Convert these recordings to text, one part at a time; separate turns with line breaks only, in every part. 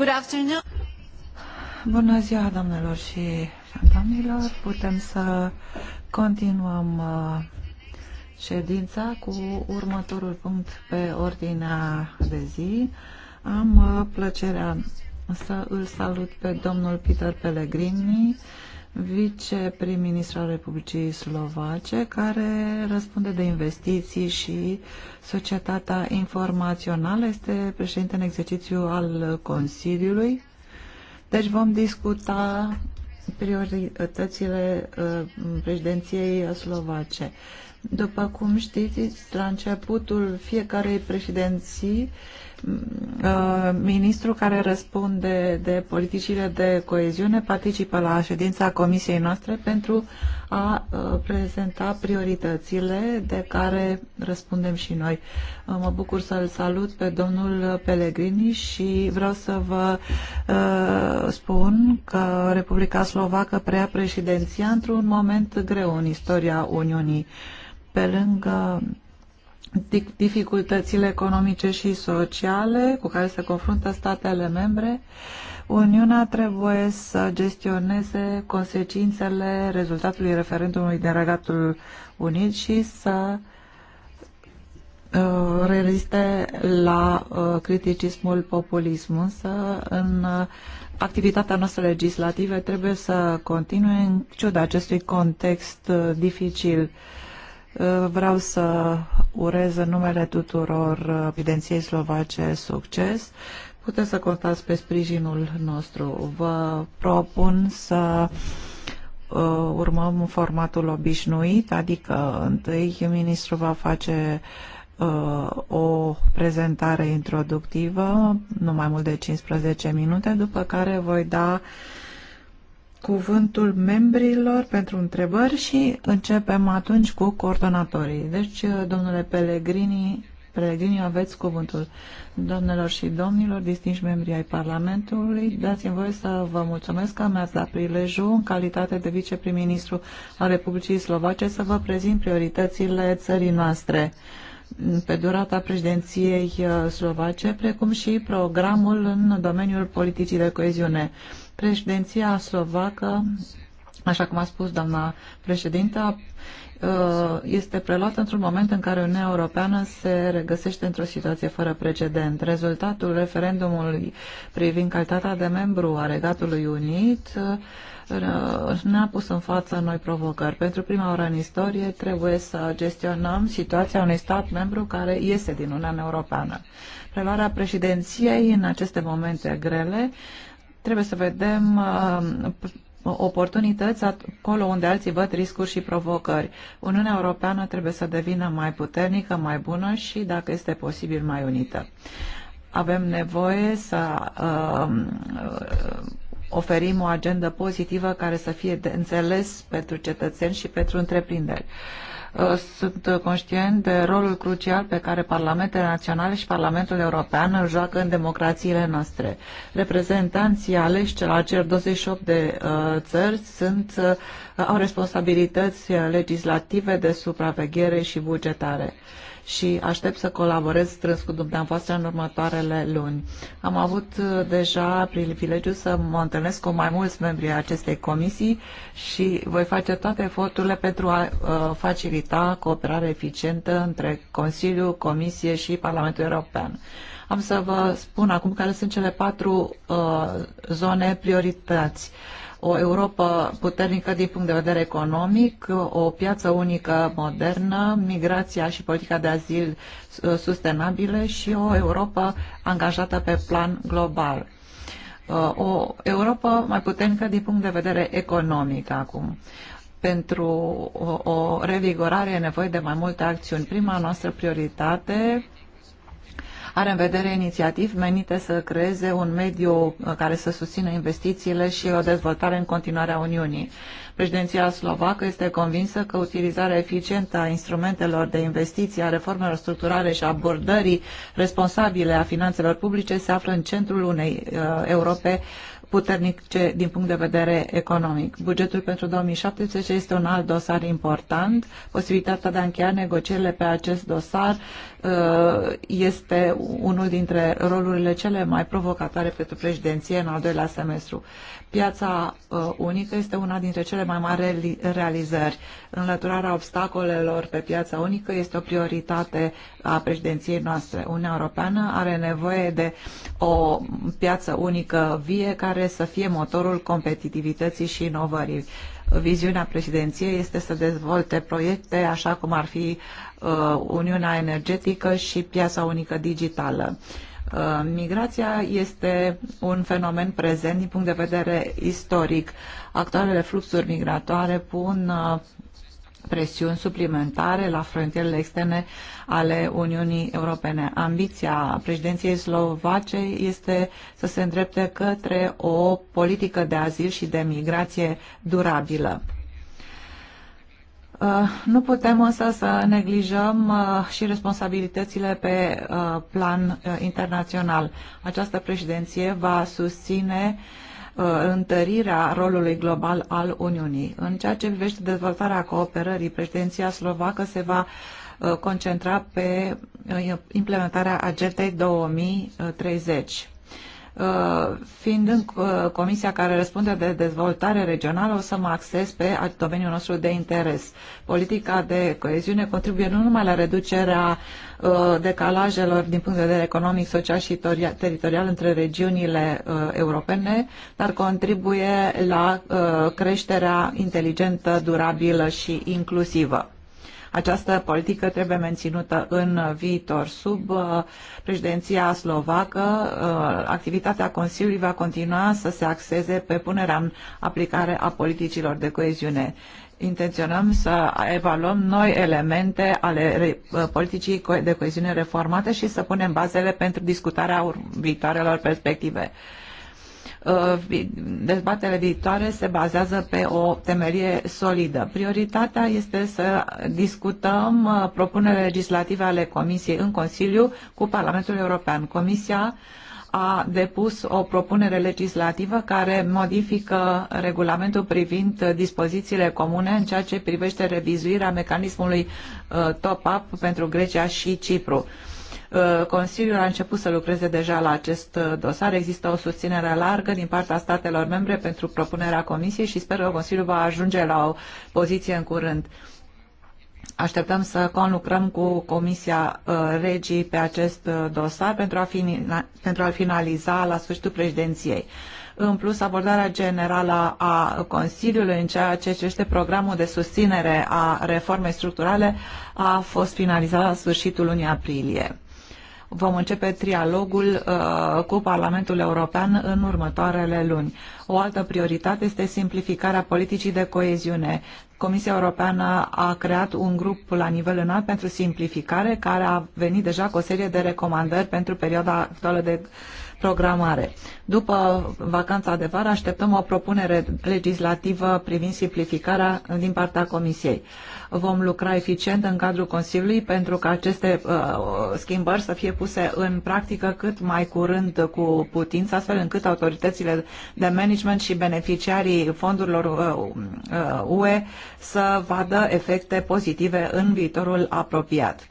Good afternoon.
Bună ziua, doamnelor și domnilor. Putem să continuăm uh, ședința cu următorul punct pe ordinea de zi. Am uh, plăcerea să îl salut pe domnul Peter Pellegrini, viceprim-ministru al Republicii Slovace, care răspunde de investiții și societatea informațională. Este președinte în exercițiu al Consiliului. Deci vom discuta prioritățile uh, președinției slovace. După cum știți, la începutul fiecarei președinții Uh, ministrul care răspunde de politicile de coeziune participă la ședința comisiei noastre pentru a uh, prezenta prioritățile de care răspundem și noi. Uh, mă bucur să-l salut pe domnul Pellegrini și vreau să vă spun că Republica Slovacă preia președinția într-un moment greu în istoria Uniunii. Pe lângă dificultățile economice și sociale cu care se confruntă statele membre, Uniunea trebuie să gestioneze consecințele rezultatului referendumului din Regatul Unit și să uh, reziste la uh, criticismul populism. Însă, în uh, activitatea noastră legislativă trebuie să continue în ciuda acestui context uh, dificil Vreau să urez în numele tuturor uh, evidenției slovace succes. Puteți să contați pe sprijinul nostru. Vă propun să uh, urmăm formatul obișnuit, adică întâi ministrul va face uh, o prezentare introductivă, nu mai mult de 15 minute, după care voi da uh, cuvântul membrilor pentru întrebări și începem atunci cu coordonatorii. Deci, domnule Pellegrini, Pellegrini, aveți cuvântul. domnilor și domnilor, distinși membri ai Parlamentului, dați-mi voie să vă mulțumesc că mi-ați dat prilejul, în calitate de viceprim-ministru al Republicii Slovace, să vă prezint prioritățile țării noastre pe durata președinției uh, slovace, precum și programul în domeniul politicii de coeziune. Președinția slovacă, așa cum a spus doamna președintă, uh, este preluată într-un moment în care Uniunea Europeană se regăsește într-o situație fără precedent. Rezultatul referendumului privind calitatea de membru a Regatului Unit uh, ne-a pus în față noi provocări. Pentru prima oară în istorie trebuie să gestionăm situația unui stat membru care iese din Uniunea Europeană. Preluarea președinției în aceste momente grele Trebuie să vedem uh, oportunități acolo unde alții văd riscuri și provocări. Uniunea Europeană trebuie să devină mai puternică, mai bună și, dacă este posibil, mai unită. Avem nevoie să uh, uh, oferim o agendă pozitivă care să fie de înțeles pentru cetățeni și pentru întreprinderi. Uh, Uh, sunt uh, conștient de rolul crucial pe care parlamentele naționale și Parlamentul European îl joacă în democrațiile noastre. Reprezentanții aleși la cer 28 de uh, țări sunt, au responsabilități legislative de supraveghere și bugetare și aștept să colaborez strâns cu dumneavoastră în următoarele luni. Am avut uh, deja privilegiu să mă întâlnesc cu mai mulți membri ai acestei comisii și voi face toate eforturile pentru a uh, facilita cooperare eficientă între Consiliu, Comisie și Parlamentul European. Am să vă spun acum care sunt cele patru uh, zone priorități. Uh, o Europa puternică din punct de vedere economic, o piață unică modernă, migrația și politica de azil uh, sustenabile și o Europa angajată pe plan global. Uh, o Europa mai puternică din punct de vedere economic acum pentru o, o revigorare e nevoie de mai multe acțiuni. Prima noastră prioritate are în vedere inițiativ menite să creeze un mediu care să susțină investițiile și o dezvoltare în continuare a Uniunii. Președinția slovacă este convinsă că utilizarea eficientă a instrumentelor de investiție, a reformelor structurale și a abordării responsabile a finanțelor publice se află în centrul unei uh, Europe puternice din punct de vedere economic. Bugetul pentru 2017 este un alt dosar important. Posibilitatea de a încheia negocierile pe acest dosar uh, este unul dintre rolurile cele mai provocatoare pentru președinție în al doilea semestru. Piața uh, unică este una dintre cele mai mari realizări. Înlăturarea obstacolelor pe piața unică este o prioritate a președinției noastre. Uniunea Europeană are nevoie de o piață unică vie care să fie motorul competitivității și inovării viziunea președinției este să dezvolte proiecte așa cum ar fi uh, Uniunea Energetică și Piața Unică Digitală. Uh, migrația este un fenomen prezent din punct de vedere istoric. Actualele fluxuri migratoare pun uh, presiuni suplimentare la frontierele externe ale Uniunii Europene. Ambiția președinției slovace este să se îndrepte către o politică de azil și de migrație durabilă. Uh, nu putem însă să neglijăm uh, și responsabilitățile pe uh, plan internațional. Această președinție va susține întărirea rolului global al Uniunii. În ceea ce privește dezvoltarea cooperării, președinția slovacă se va concentra pe implementarea agendei 2030. Uh, fiind în uh, comisia care răspunde de dezvoltare regională, o să mă acces pe domeniul nostru de interes. Politica de coeziune contribuie nu numai la reducerea uh, decalajelor din punct de vedere economic, social și teritorial între regiunile europene, dar contribuie la creșterea inteligentă, durabilă și inclusivă această politică trebuie menținută în viitor. Sub uh, președinția slovacă, uh, activitatea Consiliului va continua să se axeze pe punerea în aplicare a politicilor de coeziune intenționăm să evaluăm noi elemente ale uh, politicii de coeziune reformate și să punem bazele pentru discutarea viitoarelor perspective. Uh, dezbatele viitoare se bazează pe o temerie solidă. Prioritatea este să discutăm uh, propunerile legislative ale Comisiei în Consiliu cu Parlamentul European. Comisia a depus o propunere legislativă care modifică regulamentul privind dispozițiile comune în ceea ce privește revizuirea mecanismului uh, top-up pentru Grecia și Cipru. Uh, Consiliul a început să lucreze deja la acest uh, dosar. Există o susținere largă din partea statelor membre pentru propunerea Comisiei și sper că Consiliul va ajunge la o poziție în curând. Așteptăm să conlucrăm cu Comisia uh, Regii pe acest dosar pentru, a fina, pentru a finaliza la sfârșitul președinției. În plus, abordarea generală a Consiliului în ceea ce este programul de susținere a reformei structurale a fost finalizată la sfârșitul lunii aprilie vom începe trialogul uh, cu Parlamentul European în următoarele luni. O altă prioritate este simplificarea politicii de coeziune. Comisia Europeană a creat un grup la nivel înalt pentru simplificare care a venit deja cu o serie de recomandări pentru perioada actuală de programare. După vacanța de vară așteptăm o propunere legislativă privind simplificarea din partea Comisiei. Vom lucra eficient în cadrul Consiliului pentru ca aceste uh, schimbări să fie puse în practică cât mai curând cu putință, astfel încât autoritățile de management și beneficiarii fondurilor uh, uh, UE să vadă efecte pozitive în viitorul apropiat.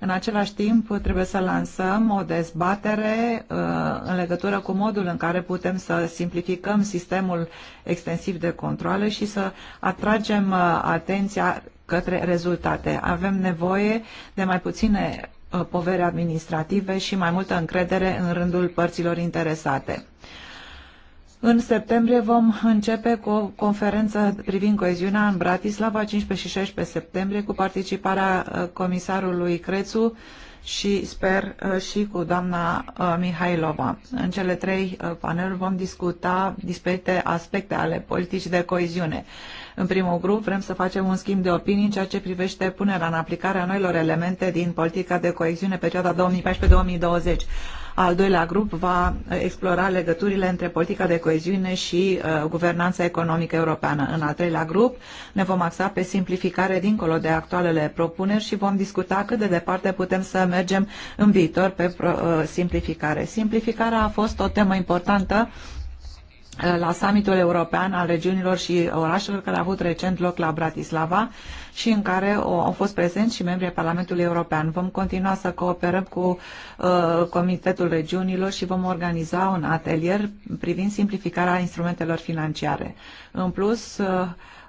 În același timp, trebuie să lansăm o dezbatere uh, în legătură cu modul în care putem să simplificăm sistemul extensiv de controle și să atragem uh, atenția către rezultate. Avem nevoie de mai puține uh, povere administrative și mai multă încredere în rândul părților interesate. În septembrie vom începe cu o conferință privind coeziunea în Bratislava, 15 și 16 septembrie, cu participarea uh, comisarului Crețu și sper uh, și cu doamna Mihailova. În cele trei paneluri vom discuta diferite aspecte ale politicii de coeziune. În primul grup vrem să facem un schimb de opinii în ceea ce privește punerea în aplicare a noilor elemente din politica de coeziune perioada 2014-2020. Al doilea grup va uh, explora legăturile între politica de coeziune și uh, guvernanța economică europeană. În al treilea grup ne vom axa pe simplificare dincolo de actualele propuneri și vom discuta cât de departe putem să mergem în viitor pe uh, simplificare. Simplificarea a fost o temă importantă Eh, la summitul european al regiunilor și orașelor care a avut recent loc la Bratislava și în care au fost prezenți și membrii Parlamentului European. Vom continua să cooperăm cu eh, Comitetul Regiunilor și vom organiza un atelier privind simplificarea instrumentelor financiare. În plus, eh,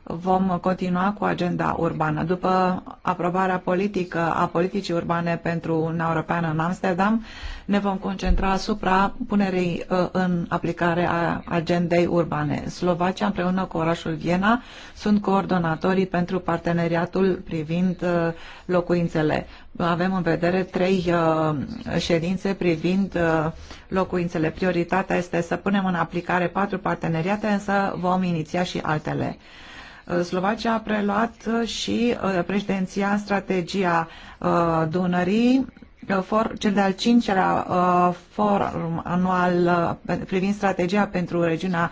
vom continua cu agenda urbană. După aprobarea politică a politicii urbane pentru Uniunea Europeană în Amsterdam, ne vom concentra asupra punerii uh, în aplicare a agendei urbane. Slovacia împreună cu orașul Viena sunt coordonatorii pentru parteneriatul privind uh, locuințele. Avem în vedere trei uh, ședințe privind locuințele. Prioritatea este să punem în aplicare patru parteneriate, însă vom iniția și altele. Uh, Slovacia a preluat uh, și uh, președinția strategia Dunării, for, cel de-al cincilea forum anual privind strategia pentru regiunea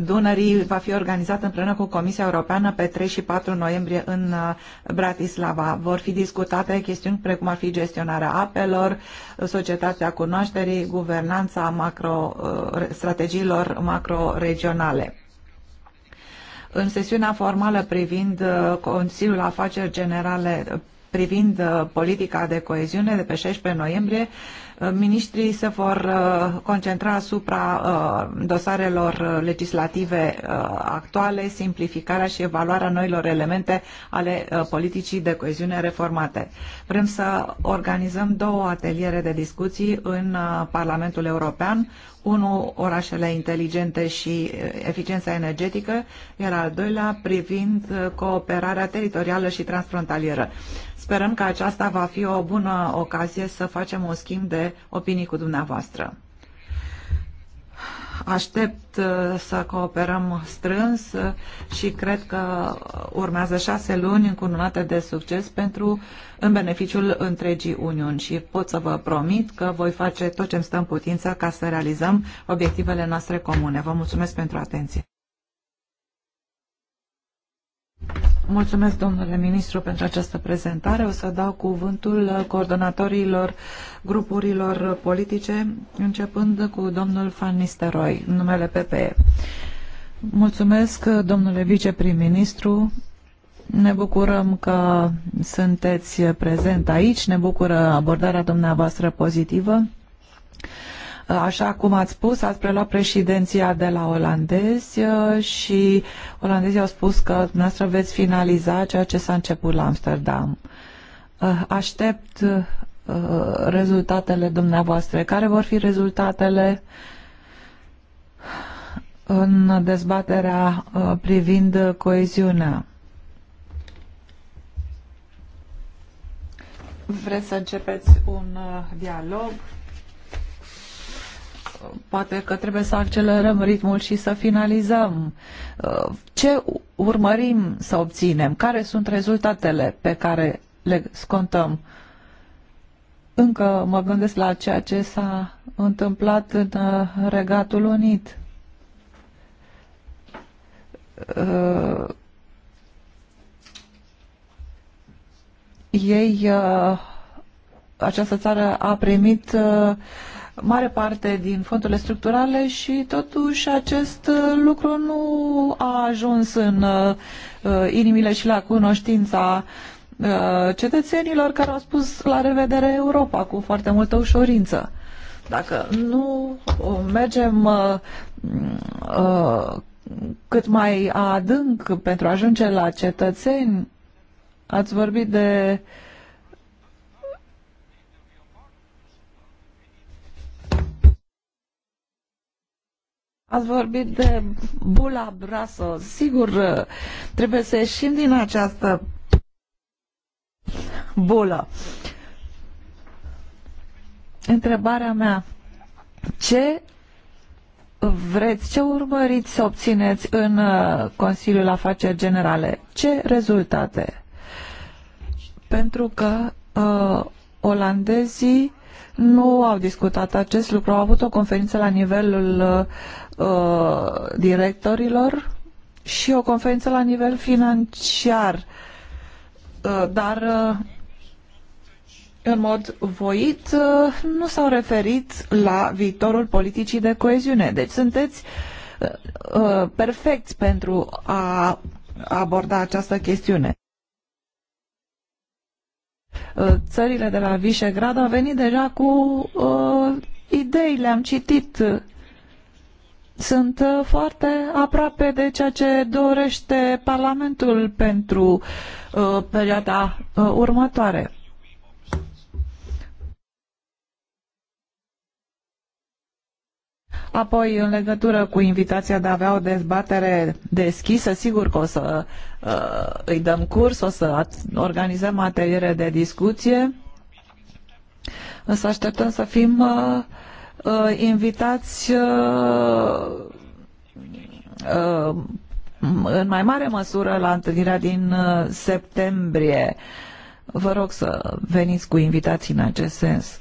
Dunării va fi organizat împreună cu Comisia Europeană pe 3 și 4 noiembrie în Bratislava. Vor fi discutate chestiuni precum ar fi gestionarea apelor, societatea cunoașterii, guvernanța macro, strategiilor macro-regionale. În sesiunea formală privind uh, Consiliul Afaceri Generale privind uh, politica de coeziune de pe 16 noiembrie, Uh, ministrii se vor uh, concentra asupra uh, dosarelor legislative actuale, simplificarea și evaluarea noilor elemente ale politicii de coeziune reformate. Vrem să organizăm două ateliere de discuții în Parlamentul European, unul orașele inteligente și eficiența energetică, iar al doilea privind cooperarea teritorială și transfrontalieră. Sperăm că aceasta va fi o bună ocazie să facem un schimb de opinii cu dumneavoastră. Aștept uh, să cooperăm strâns uh, și cred că urmează șase luni încununate de succes pentru în beneficiul întregii Uniuni și pot să vă promit că voi face tot ce-mi stă în putință ca să realizăm obiectivele noastre comune. Vă mulțumesc pentru atenție. Mulțumesc, domnule ministru, pentru această prezentare. O să dau cuvântul coordonatorilor grupurilor politice, începând cu domnul Van Nisteroi, numele PPE. Mulțumesc, domnule viceprim-ministru. Ne bucurăm că sunteți prezent aici, ne bucură abordarea dumneavoastră pozitivă. Așa cum ați spus, ați preluat președinția de la olandezi uh, și olandezii au spus că dumneavoastră veți finaliza ceea ce s-a început la Amsterdam. Uh, aștept uh, rezultatele dumneavoastră. Care vor fi rezultatele în dezbaterea privind coeziunea? Vreți să începeți un dialog poate că trebuie să accelerăm ritmul și să finalizăm. Uh, ce urmărim să obținem? Care sunt rezultatele pe care le scontăm? Încă mă gândesc la ceea ce s-a întâmplat în uh, Regatul Unit. Uh, ei, această țară a primit uh, mare parte din fondurile structurale și totuși acest uh, lucru nu a ajuns în uh, uh, inimile și la cunoștința cetățenilor care au spus la revedere Europa cu foarte multă ușurință. Dacă nu mergem cât mai adânc pentru a ajunge la cetățeni, ați vorbit de uh, Ați vorbit de bula braso. Sigur, trebuie să ieșim din această bulă. Întrebarea mea, ce vreți, ce urmăriți să obțineți în uh, Consiliul Afaceri Generale? Ce rezultate? Pentru că uh, olandezii nu au discutat acest lucru. Au avut o conferință la nivelul uh, directorilor și o conferință la nivel financiar. Uh, dar uh, în mod voit uh, nu s-au referit la viitorul politicii de coeziune. Deci sunteți uh, uh, perfecți pentru a aborda această chestiune. Uh, țările de la Visegrad au venit deja cu uh, idei, le-am citit. Sunt uh, foarte aproape de ceea ce dorește Parlamentul pentru uh, perioada uh, următoare. Apoi, în legătură cu invitația de a avea o dezbatere deschisă, sigur că o să uh, îi dăm curs, o să organizăm ateliere de discuție, însă așteptăm să fim uh, uh, invitați uh, uh, în mai mare măsură la întâlnirea din uh, septembrie. Vă rog să veniți cu invitații în acest sens.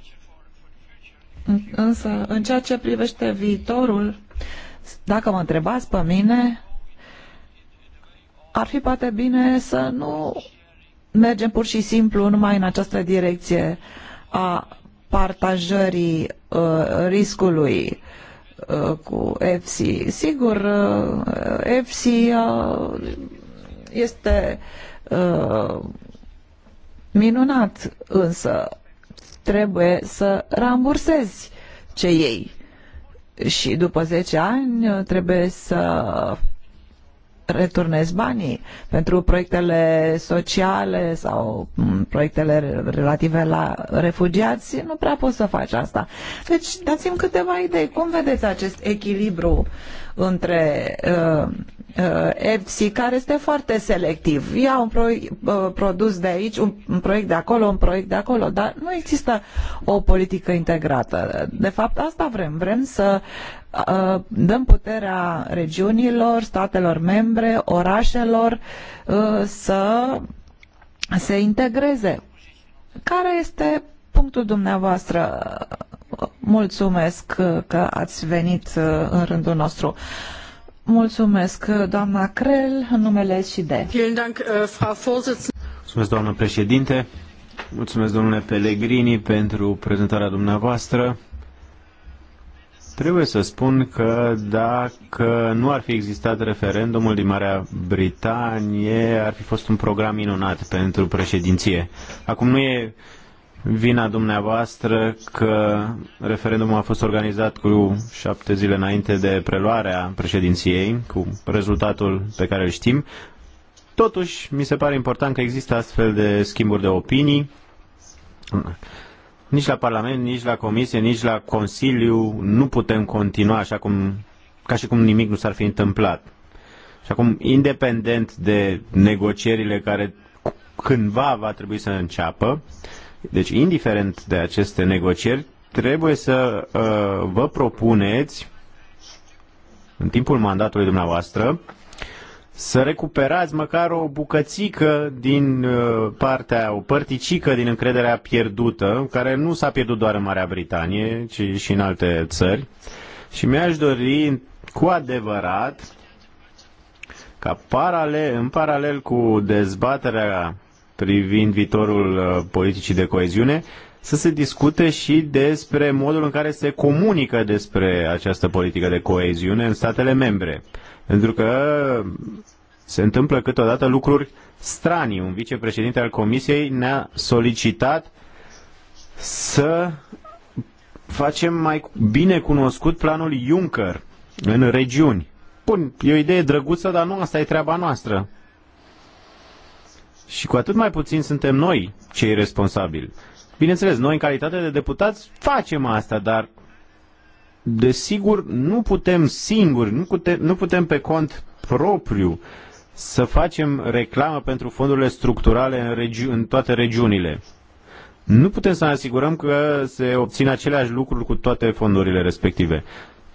Însă, în ceea ce privește viitorul, dacă mă întrebați pe mine, ar fi poate bine să nu mergem pur și simplu numai în această direcție a partajării uh, riscului uh, cu EFSI. Sigur, uh, EFSI uh, este uh, minunat, însă trebuie să rambursezi ce ei. Și după 10 ani uh, trebuie să returnezi banii pentru proiectele sociale sau mm, proiectele relative la refugiați, nu prea poți să faci asta. Deci dați-mi câteva idei. Cum vedeți acest echilibru uh, între uh, uh care este foarte selectiv. Ia un uh, produs de aici, un proiect de acolo, un proiect de acolo, dar nu există o politică integrată. De fapt, asta vrem. Vrem să uh, dăm puterea regiunilor, statelor membre, orașelor să se integreze. Care este punctul dumneavoastră Mulțumesc că ați venit uh, în rândul nostru. Mulțumesc, uh, doamna Crel, în numele și uh,
Mulțumesc, doamnă președinte. Mulțumesc, domnule Pellegrini, pentru prezentarea dumneavoastră. Trebuie să spun că dacă nu ar fi existat referendumul din Marea Britanie, ar fi fost un program minunat pentru președinție. Acum nu e vina dumneavoastră că referendumul a fost organizat cu șapte zile înainte de preluarea președinției, cu rezultatul pe care îl știm. Totuși, mi se pare important că există astfel de schimburi de opinii. Nici la Parlament, nici la Comisie, nici la Consiliu nu putem continua așa cum, ca și cum nimic nu s-ar fi întâmplat. Și acum, independent de negocierile care cândva va trebui să înceapă, uh, deci, indiferent de aceste negocieri, trebuie să uh, vă propuneți în timpul mandatului dumneavoastră să recuperați măcar o bucățică din uh, partea, o părticică din încrederea pierdută, care nu s-a pierdut doar în Marea Britanie, ci și în alte țări. Și mi-aș dori cu adevărat ca paralel, în paralel cu dezbaterea privind viitorul uh, politicii de coeziune, să se discute și despre modul în care se comunică despre această politică de coeziune în statele membre. Pentru că se întâmplă câteodată lucruri stranii. Un vicepreședinte al Comisiei ne-a solicitat să facem mai bine cunoscut planul Juncker în regiuni. Bun, e o idee drăguță, dar nu asta e treaba noastră. Și cu atât mai puțin suntem noi cei responsabili. Bineînțeles, noi în calitate de deputați facem asta, dar desigur nu putem singuri, nu putem, nu putem pe cont propriu să facem reclamă pentru fondurile structurale în, regi- în toate regiunile. Nu putem să ne asigurăm că se obțin aceleași lucruri cu toate fondurile respective.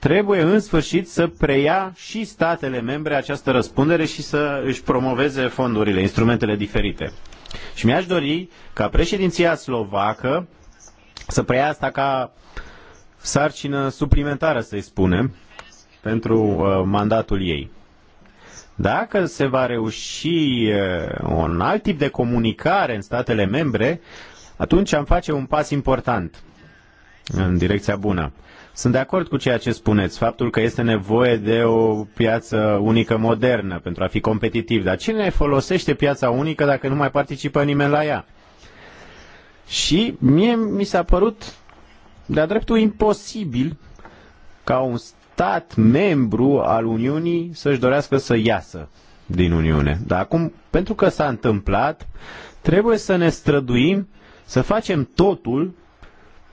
Trebuie în sfârșit să preia și statele membre această răspundere și să își promoveze fondurile, instrumentele diferite. Și mi-aș dori ca președinția slovacă să preia asta ca sarcină suplimentară, să-i spunem, pentru uh, mandatul ei. Dacă se va reuși uh, un alt tip de comunicare în statele membre, atunci am face un pas important în direcția bună. Sunt de acord cu ceea ce spuneți, faptul că este nevoie de o piață unică modernă pentru a fi competitiv. Dar cine folosește piața unică dacă nu mai participă nimeni la ea? Și mie mi s-a părut de-a dreptul imposibil ca un stat membru al Uniunii să-și dorească să iasă din Uniune. Dar acum, pentru că s-a întâmplat, trebuie să ne străduim să facem totul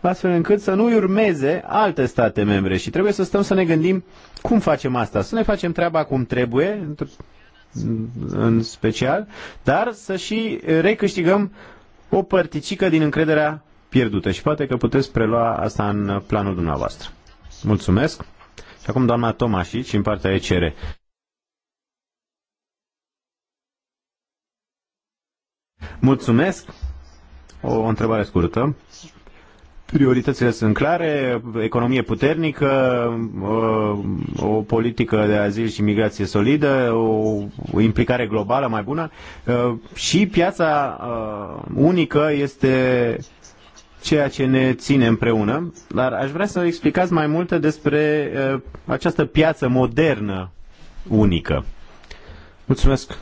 astfel încât să nu urmeze alte state membre și trebuie să stăm să ne gândim cum facem asta, să ne facem treaba cum trebuie, în special, dar să și recâștigăm o părticică din încrederea pierdută și poate că puteți prelua asta în planul dumneavoastră. Mulțumesc. Și acum doamna și în partea ECR. Mulțumesc. O, o întrebare scurtă. Prioritățile sunt clare, economie puternică, uh, o politică de azil și migrație solidă, o implicare globală mai bună uh, și piața uh, unică este ceea ce ne ține împreună, dar aș vrea să explicați mai multe despre această piață modernă unică. Mulțumesc,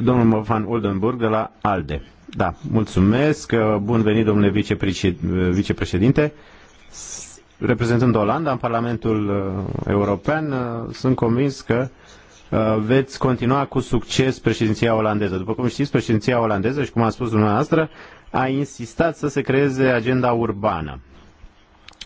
domnul Van Oldenburg de la ALDE. Da, mulțumesc. Uh, bun venit, domnule uh, vicepreședinte. Reprezentând Olanda în Parlamentul uh, European, sunt convins că veți continua cu succes președinția olandeză. După cum știți, președinția olandeză, și cum a spus dumneavoastră, a insistat să se creeze agenda urbană.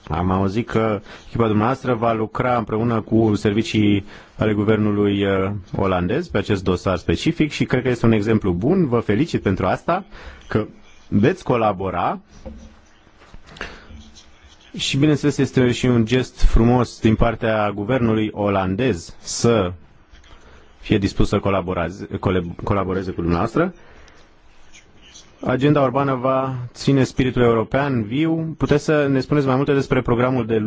Am auzit că echipa dumneavoastră va lucra împreună cu servicii ale guvernului uh, olandez pe acest dosar specific și cred că este un exemplu bun. Vă felicit pentru asta, că veți colabora și bineînțeles este și un gest frumos din partea guvernului olandez să fie dispus să colaboreze, colaboreze cu dumneavoastră. Agenda urbană va ține spiritul european viu. Puteți să ne spuneți mai multe despre programul de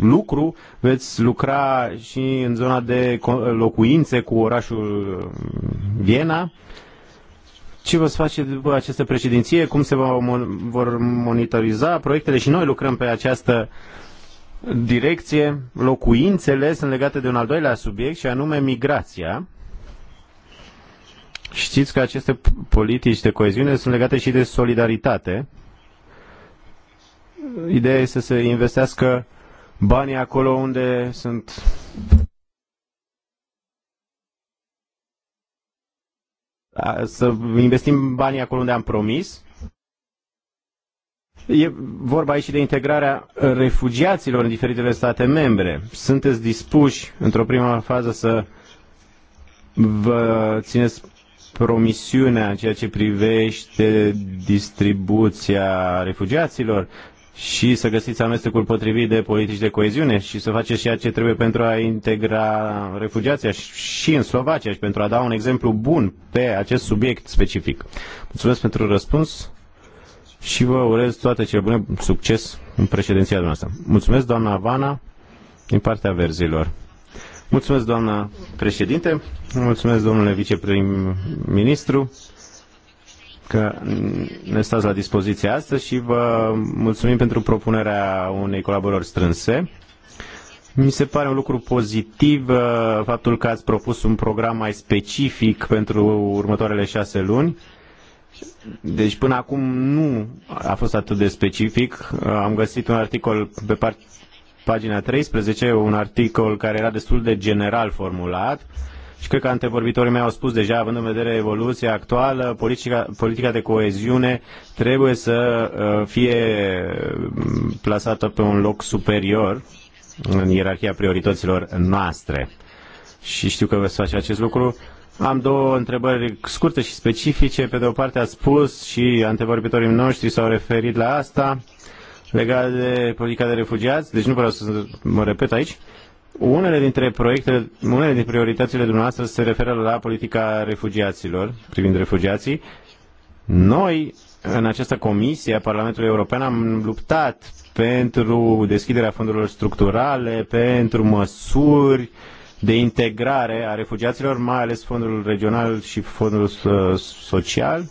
lucru. Veți lucra și în zona de locuințe cu orașul uh, Viena. Ce vă face după această președinție? Cum se vor monitoriza proiectele? Și noi lucrăm pe această direcție. Locuințele sunt legate de un al doilea subiect și anume migrația. Știți că aceste politici de coeziune sunt legate și de solidaritate. Ideea este să se investească banii acolo unde sunt să investim banii acolo unde am promis. E vorba aici și de integrarea refugiaților în diferitele state membre. Sunteți dispuși, într-o prima fază, să vă țineți promisiunea în ceea ce privește distribuția refugiaților și să găsiți amestecul potrivit de politici de coeziune și să faceți ceea ce trebuie pentru a integra refugiația și în Slovacia și pentru a da un exemplu bun pe acest subiect specific. Mulțumesc pentru răspuns și vă urez toate cele bune, succes în președinția dumneavoastră. Mulțumesc, doamna Vana, din partea verzilor. Mulțumesc, doamna președinte, mulțumesc, domnule viceprim-ministru, că ne stați la dispoziție astăzi și vă mulțumim pentru propunerea unei colaborări strânse. Mi se pare un lucru pozitiv uh, faptul că ați propus un program mai specific pentru următoarele șase luni. Deci până acum nu a fost atât de specific. Uh, am găsit un articol pe, part, pagina 13, un articol care era destul de general formulat și cred că antevorbitorii mei au spus deja, având în vedere evoluția actuală, politica, politica de coeziune trebuie să uh, fie uh, plasată pe un loc superior în ierarhia priorităților noastre. Și știu că veți face acest lucru. Am două întrebări scurte și specifice. Pe de o parte a spus și antevorbitorii noștri s-au referit la asta Legat de politica de refugiați, deci nu vreau să mă repet aici, unele dintre proiectele, unele dintre prioritățile dumneavoastră se referă la politica refugiaților, privind refugiații. Noi, în această comisie a Parlamentului European, am luptat pentru deschiderea fondurilor structurale, pentru măsuri de integrare a refugiaților, mai ales fondul regional și fondul social.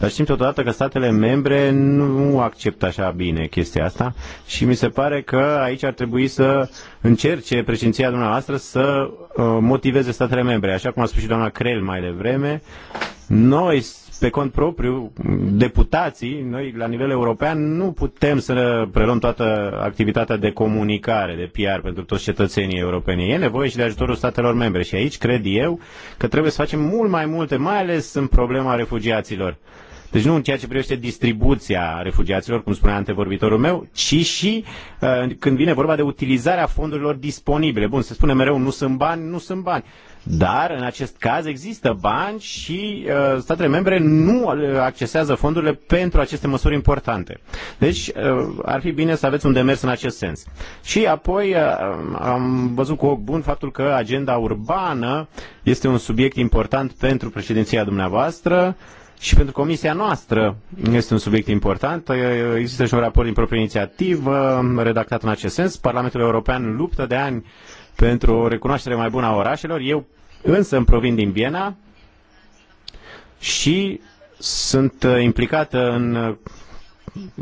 Dar știm totodată că statele membre nu acceptă așa bine chestia asta și mi se pare că aici ar trebui să încerce președinția dumneavoastră să uh, motiveze statele membre. Așa cum a spus și doamna Crel mai devreme, noi pe cont propriu, deputații, noi la nivel european nu putem să preluăm toată activitatea de comunicare, de PR pentru toți cetățenii europeni. E nevoie și de ajutorul statelor membre și aici cred eu că trebuie să facem mult mai multe, mai ales în problema refugiaților. Deci nu în ceea ce privește distribuția refugiaților, cum spunea antevorbitorul meu, ci și uh, când vine vorba de utilizarea fondurilor disponibile. Bun, se spune mereu nu sunt bani, nu sunt bani. Dar în acest caz există bani și uh, statele membre nu uh, accesează fondurile pentru aceste măsuri importante. Deci uh, ar fi bine să aveți un demers în acest sens. Și apoi uh, am văzut cu ochi bun faptul că agenda urbană este un subiect important pentru președinția dumneavoastră. Uh, și pentru comisia noastră este un subiect important. Există și un raport din proprie inițiativă redactat în acest sens. Parlamentul European luptă de ani pentru o recunoaștere mai bună a orașelor. Eu însă îmi provin din Viena și sunt uh, implicat în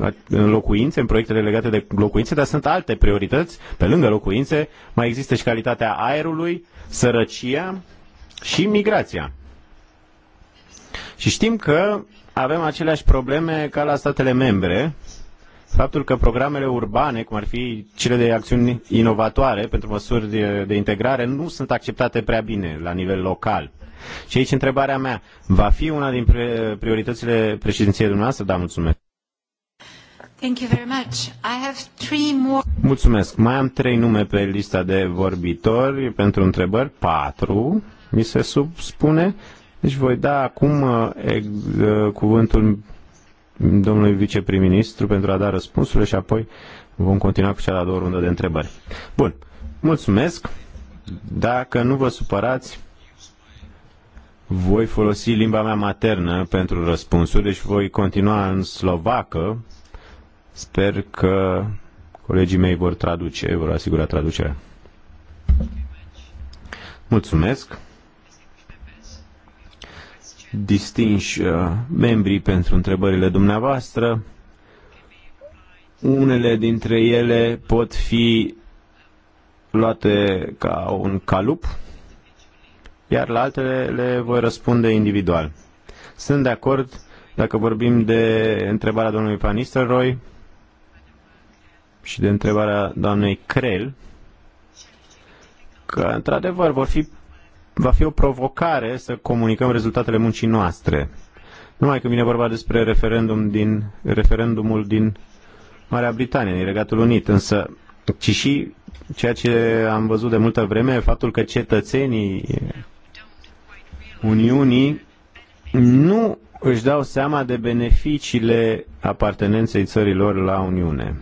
uh, în locuințe, în proiectele legate de locuințe, dar sunt alte priorități. Pe lângă locuințe, mai există și calitatea aerului, sărăcia și migrația. Și știm că avem aceleași probleme ca la statele membre. Faptul că programele urbane, cum ar fi cele de acțiuni inovatoare pentru măsuri de, de integrare, nu sunt acceptate prea bine la nivel local. Și aici întrebarea mea, va fi una din prioritățile președinției dumneavoastră? Da, mulțumesc.
Thank you very much. I have three more...
Mulțumesc. Mai am trei nume pe lista de vorbitori pentru întrebări. Patru, mi se spune. Deci voi da acum uh, uh, cuvântul domnului viceprim-ministru pentru a da răspunsurile și apoi vom continua cu cea de-a doua rundă de întrebări. Bun, mulțumesc. Dacă nu vă supărați, voi folosi limba mea maternă pentru răspunsuri, deci voi continua în slovacă. Sper că colegii mei vor traduce, vor asigura traducerea. Mulțumesc distinși uh, membrii pentru întrebările dumneavoastră. Unele dintre ele pot fi luate ca un calup, iar la altele le voi răspunde individual. Sunt de acord dacă vorbim de întrebarea domnului Panisteroi și de întrebarea doamnei Crel, că într-adevăr vor fi va fi o provocare să comunicăm rezultatele muncii noastre. Numai când vine vorba despre referendum din, referendumul din Marea Britanie, din Regatul Unit, însă ci și ceea ce am văzut de multă vreme, faptul că cetățenii Uniunii nu își dau seama de beneficiile apartenenței țărilor la Uniune.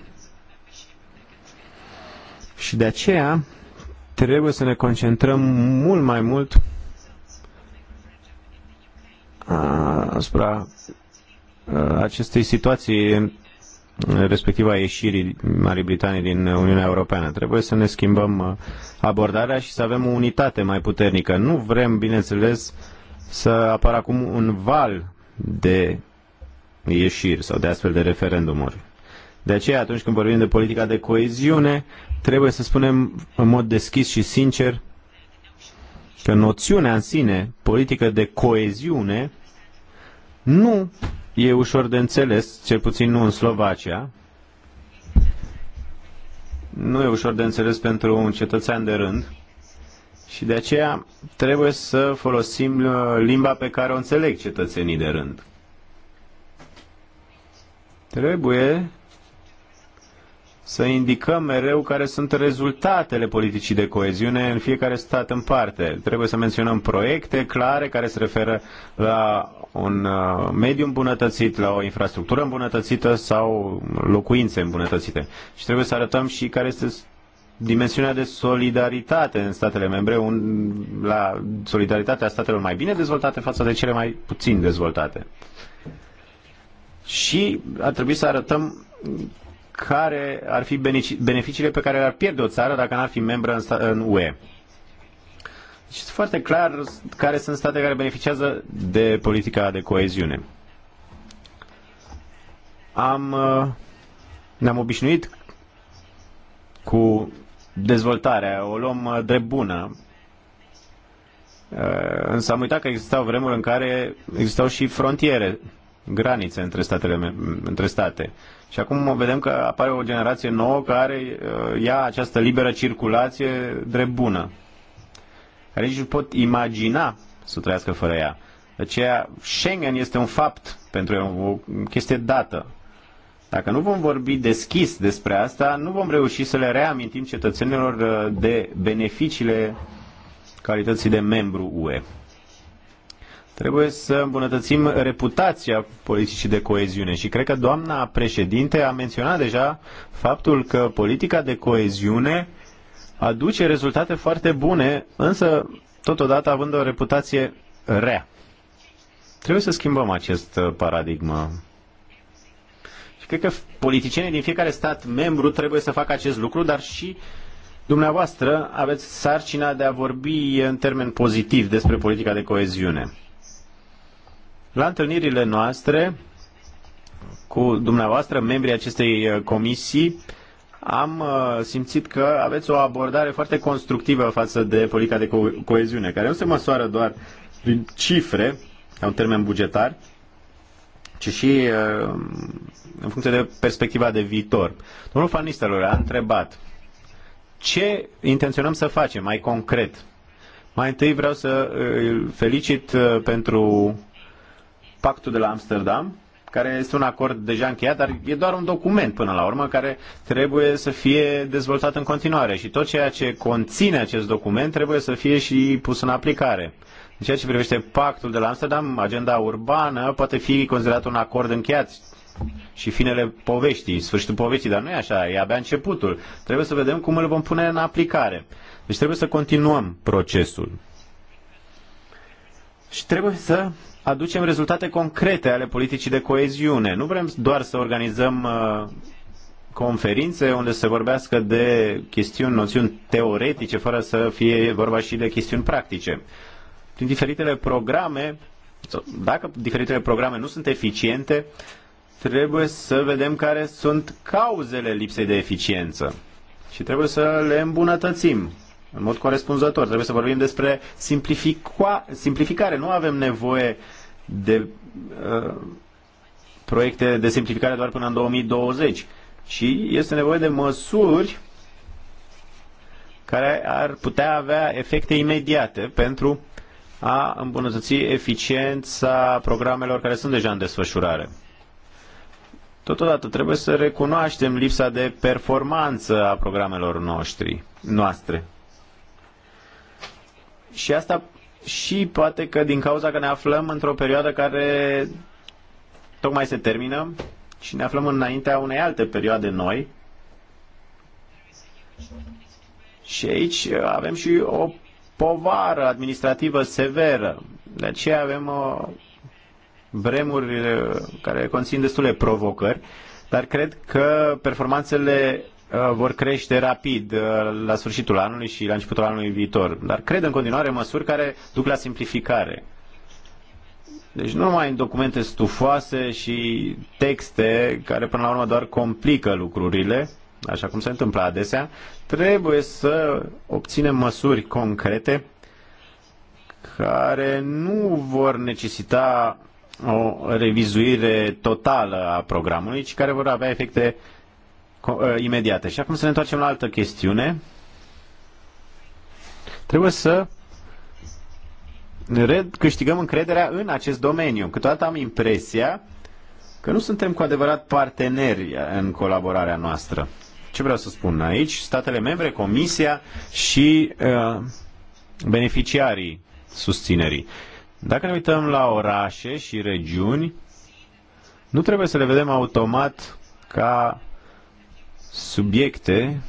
Și de aceea trebuie să ne concentrăm mult mai mult asupra acestei situații respectiv a ieșirii Marii Britanii din Uniunea Europeană. Trebuie să ne schimbăm abordarea și să avem o unitate mai puternică. Nu vrem, bineînțeles, să apară acum un val de ieșiri sau de astfel de referendumuri. De aceea, atunci când vorbim de politica de coeziune, trebuie să spunem în mod deschis și sincer că noțiunea în sine, politică de coeziune, nu e ușor de înțeles, cel puțin nu în Slovacia. Nu e ușor de înțeles pentru un cetățean de rând. Și de aceea trebuie să folosim uh, limba pe care o înțeleg cetățenii de rând. Trebuie să indicăm mereu care sunt rezultatele politicii de coeziune în fiecare stat în parte. Trebuie să menționăm proiecte clare care se referă la un uh, mediu îmbunătățit, la o infrastructură îmbunătățită sau locuințe îmbunătățite. Și trebuie să arătăm și care este dimensiunea de solidaritate în statele membre, un, la solidaritatea statelor mai bine dezvoltate față de cele mai puțin dezvoltate. Și ar trebui să arătăm care ar fi beneficiile pe care le-ar pierde o țară dacă n-ar fi membră în UE. Deci este foarte clar care sunt state care beneficiază de politica de coeziune. Am, uh, ne-am obișnuit cu dezvoltarea, o luăm uh, drept bună. Uh, însă am uitat că existau vremuri în care existau și frontiere, granițe între, statele, între state. Și acum vedem că apare o generație nouă care uh, ia această liberă circulație drept bună. Care nici nu pot imagina să trăiască fără ea. De aceea Schengen este un fapt pentru ea, o chestie dată. Dacă nu vom vorbi deschis despre asta, nu vom reuși să le reamintim cetățenilor uh, de beneficiile calității de membru UE. Trebuie să îmbunătățim reputația politicii de coeziune și cred că doamna președinte a menționat deja faptul că politica de coeziune aduce rezultate foarte bune, însă totodată având o reputație rea. Trebuie să schimbăm acest uh, paradigmă. Și cred că politicienii din fiecare stat membru trebuie să facă acest lucru, dar și dumneavoastră aveți sarcina de a vorbi în termen pozitiv despre politica de coeziune. La întâlnirile noastre cu dumneavoastră, membrii acestei uh, comisii, am uh, simțit că aveți o abordare foarte constructivă față de politica de co- coeziune, care nu se măsoară doar prin cifre, ca un termen bugetar, ci și uh, în funcție de perspectiva de viitor. Domnul Fanistelor a întrebat ce intenționăm să facem mai concret. Mai întâi vreau să îl felicit pentru pactul de la Amsterdam, care este un acord deja încheiat, dar e doar un document până la urmă care trebuie să fie dezvoltat în continuare și tot ceea ce conține acest document trebuie să fie și pus în aplicare. În ceea ce privește pactul de la Amsterdam, agenda urbană poate fi considerat un acord încheiat și finele poveștii, sfârșitul poveștii, dar nu e așa, e abia începutul. Trebuie să vedem cum îl vom pune în aplicare. Deci trebuie să continuăm procesul. Și trebuie să aducem rezultate concrete ale politicii de coeziune. Nu vrem doar să organizăm uh, conferințe unde se vorbească de chestiuni, noțiuni teoretice, fără să fie vorba și de chestiuni practice. Prin diferitele programe, dacă diferitele programe nu sunt eficiente, trebuie să vedem care sunt cauzele lipsei de eficiență și trebuie să le îmbunătățim în mod corespunzător. Trebuie să vorbim despre simplificare. Nu avem nevoie de uh, proiecte de simplificare doar până în 2020, și este nevoie de măsuri care ar putea avea efecte imediate pentru a îmbunătăți eficiența programelor care sunt deja în desfășurare. Totodată trebuie să recunoaștem lipsa de performanță a programelor noștri, noastre. Și asta și poate că din cauza că ne aflăm într-o perioadă care tocmai se termină și ne aflăm înaintea unei alte perioade noi. Și aici avem și o povară administrativă severă. De aceea avem o uh, vremuri uh, care conțin destule provocări, dar cred că performanțele Uh, vor crește rapid uh, la sfârșitul anului și la începutul anului viitor. Dar cred în continuare măsuri care duc la simplificare. Deci nu numai în documente stufoase și texte care până la urmă doar complică lucrurile, așa cum se întâmplă adesea, trebuie să obținem măsuri concrete care nu vor necesita o revizuire totală a programului, ci care vor avea efecte uh, Uh, imediate. Și acum să ne întoarcem la altă chestiune. Trebuie să câștigăm încrederea în acest domeniu. Câteodată am impresia că nu suntem cu adevărat parteneri în colaborarea noastră. Ce vreau să spun aici? Statele membre, Comisia și uh, beneficiarii susținerii. Dacă ne uităm la orașe și regiuni, nu trebuie să le vedem automat ca subiecte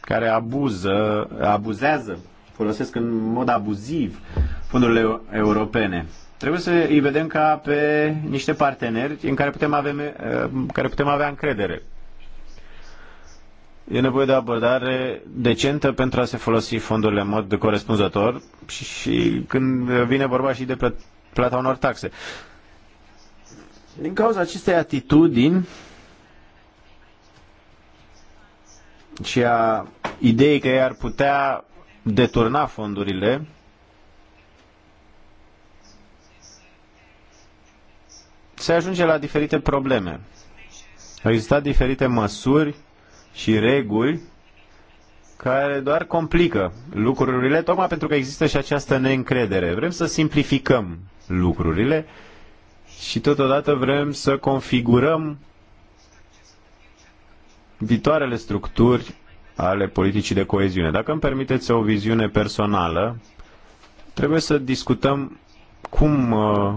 care abuză, abuzează, folosesc în mod abuziv fondurile europene. Trebuie să îi vedem ca pe niște parteneri în care putem avea, uh, care putem avea încredere. E nevoie de o abordare decentă pentru a se folosi fondurile în mod corespunzător și, și când vine vorba și de plata unor taxe. Din cauza acestei atitudini, și a ideii că ei ar putea deturna fondurile se ajunge la diferite probleme. Au existat diferite măsuri și reguli care doar complică lucrurile, tocmai pentru că există și această neîncredere. Vrem să simplificăm lucrurile și totodată vrem să configurăm viitoarele structuri ale politicii de coeziune. Dacă îmi permiteți o viziune personală, trebuie să discutăm cum uh,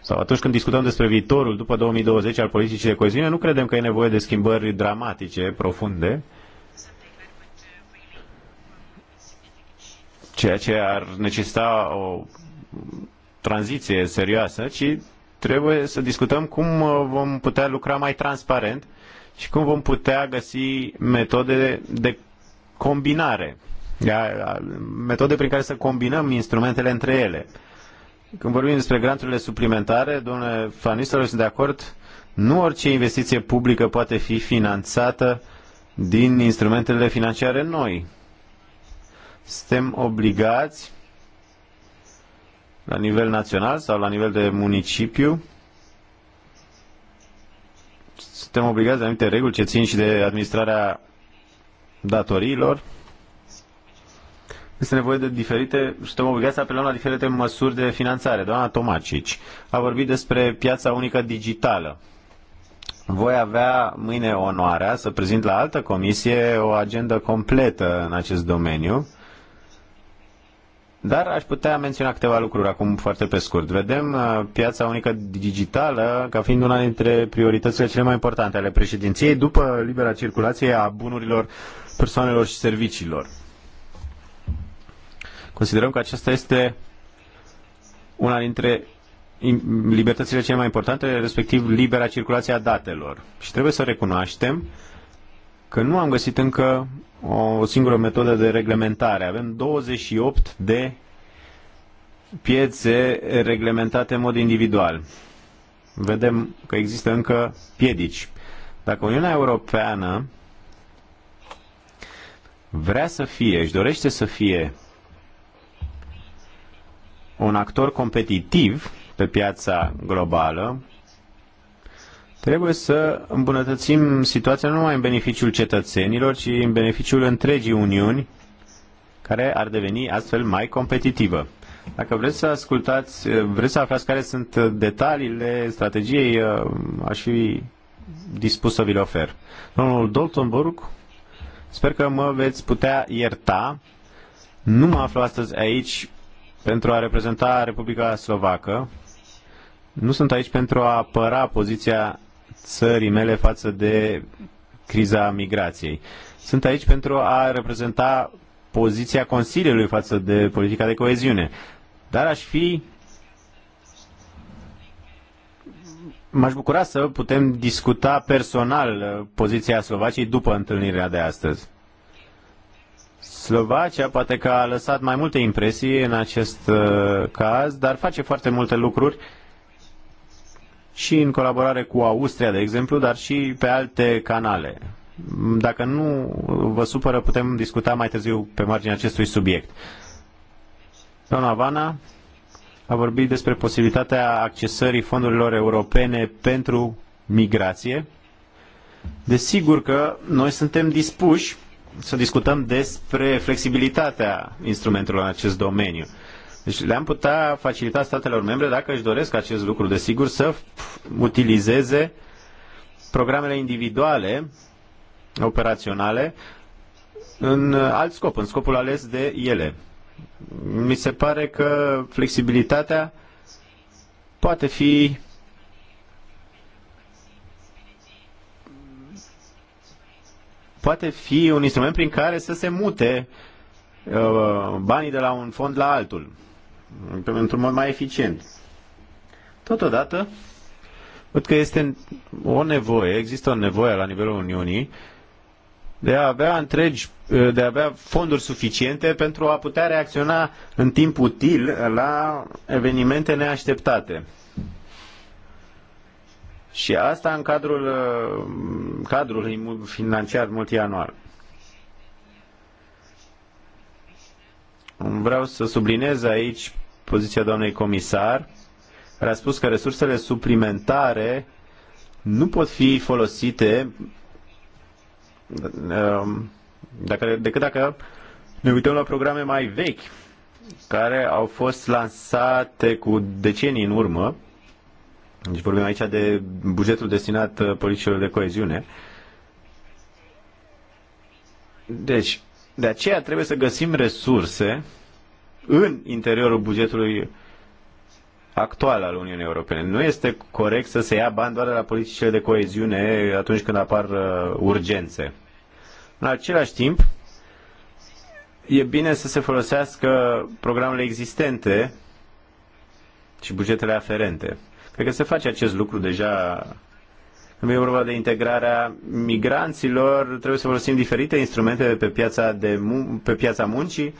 sau atunci când discutăm despre viitorul după 2020 al politicii de coeziune, nu credem că e nevoie de schimbări dramatice, profunde, ceea ce ar necesita o tranziție serioasă, ci trebuie să discutăm cum uh, vom putea lucra mai transparent și cum vom putea găsi metode de combinare, metode prin care să combinăm instrumentele între ele. Când vorbim despre granturile suplimentare, domnule Fanistor, sunt de acord, nu orice investiție publică poate fi finanțată din instrumentele financiare noi. Suntem obligați la nivel național sau la nivel de municipiu suntem obligați de anumite reguli ce țin și de administrarea datoriilor. Este nevoie de diferite, suntem obligați să apelăm la diferite măsuri de finanțare. Doamna Tomacici a vorbit despre piața unică digitală. Voi avea mâine onoarea să prezint la altă comisie o agendă completă în acest domeniu dar aș putea menționa câteva lucruri acum foarte pe scurt. Vedem uh, piața unică digitală ca fiind una dintre prioritățile cele mai importante ale președinției după libera circulație a bunurilor, persoanelor și serviciilor. Considerăm că aceasta este una dintre libertățile cele mai importante, respectiv libera circulație a datelor. Și trebuie să recunoaștem că nu am găsit încă o singură metodă de reglementare. Avem 28 de piețe reglementate în mod individual. Vedem că există încă piedici. Dacă Uniunea Europeană vrea să fie, își dorește să fie un actor competitiv pe piața globală, Trebuie să îmbunătățim situația nu numai în beneficiul cetățenilor, ci în beneficiul întregii Uniuni, care ar deveni astfel mai competitivă. Dacă vreți să ascultați, vreți să aflați care sunt detaliile strategiei, aș fi dispus să vi le ofer. Domnul Doltonburg, sper că mă veți putea ierta. Nu mă aflu astăzi aici pentru a reprezenta Republica Slovacă. Nu sunt aici pentru a apăra poziția țării mele față de criza migrației. Sunt aici pentru a reprezenta poziția Consiliului față de politica de coeziune. Dar aș fi M-aș bucura să putem discuta personal uh, poziția Slovaciei după întâlnirea de astăzi. Slovacia poate că a lăsat mai multe impresii în acest uh, caz, dar face foarte multe lucruri uh, și în colaborare cu Austria, de exemplu, dar și pe alte canale. Dacă nu vă supără, putem discuta mai târziu pe marginea acestui subiect. Doamna Vana a vorbit despre posibilitatea accesării fondurilor europene pentru migrație. Desigur că noi suntem dispuși să discutăm despre flexibilitatea instrumentelor în acest domeniu. Deci le-am putea facilita statelor membre, dacă își doresc acest lucru, desigur, să utilizeze programele individuale, operaționale, în alt scop, în scopul ales de ele. Mi se pare că flexibilitatea poate fi poate fi un instrument prin care să se mute uh, banii de la un fond la altul într-un mod mai eficient. Totodată, văd că este o nevoie, există o nevoie la nivelul Uniunii de a avea întregi, de a avea fonduri suficiente pentru a putea reacționa în timp util la evenimente neașteptate. Și asta în cadrul cadrului financiar multianual. Vreau să subliniez aici poziția doamnei comisar, care a spus că resursele suplimentare nu pot fi folosite um, dacă, decât dacă ne uităm la programe mai vechi, care au fost lansate cu decenii în urmă. Deci vorbim aici de bugetul destinat uh, politicilor de coeziune. Deci, de aceea trebuie să găsim resurse în interiorul bugetului actual al Uniunii Europene. Nu este corect să se ia bani doar de la politicile de coeziune atunci când apar uh, urgențe. În același timp, e bine să se folosească programele existente și bugetele aferente. Cred că se face acest lucru deja când e vorba de integrarea migranților, trebuie să folosim diferite instrumente pe piața, de, pe piața muncii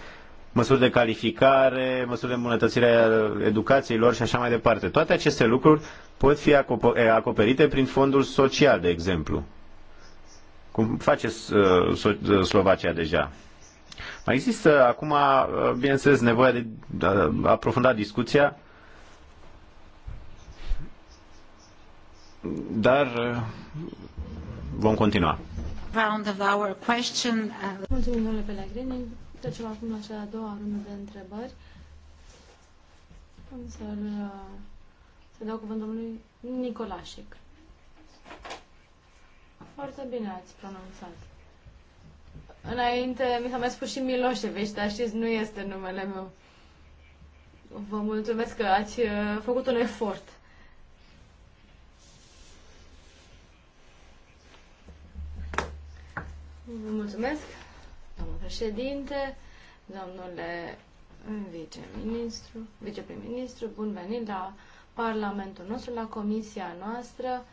măsuri de calificare, măsuri de îmbunătățire a educației lor și așa mai departe. Toate aceste lucruri pot fi acoperite prin fondul social, de exemplu, cum face uh, uh, Slovacia deja. Mai există acum, uh, bineînțeles, nevoia de a aprofunda discuția, dar vom continua.
Mulțumim, domnule Pellegrini. Trecem acum la cea a doua rundă de întrebări. să să dau cuvântul lui Nicolașic. Foarte bine ați pronunțat. Înainte mi s-a mai spus și Miloșeviș, dar știți, nu este numele meu. Vă mulțumesc că ați uh, făcut un efort. Vă mulțumesc președinte, domnule viceministru, viceprim-ministru, bun venit la Parlamentul nostru, la comisia noastră.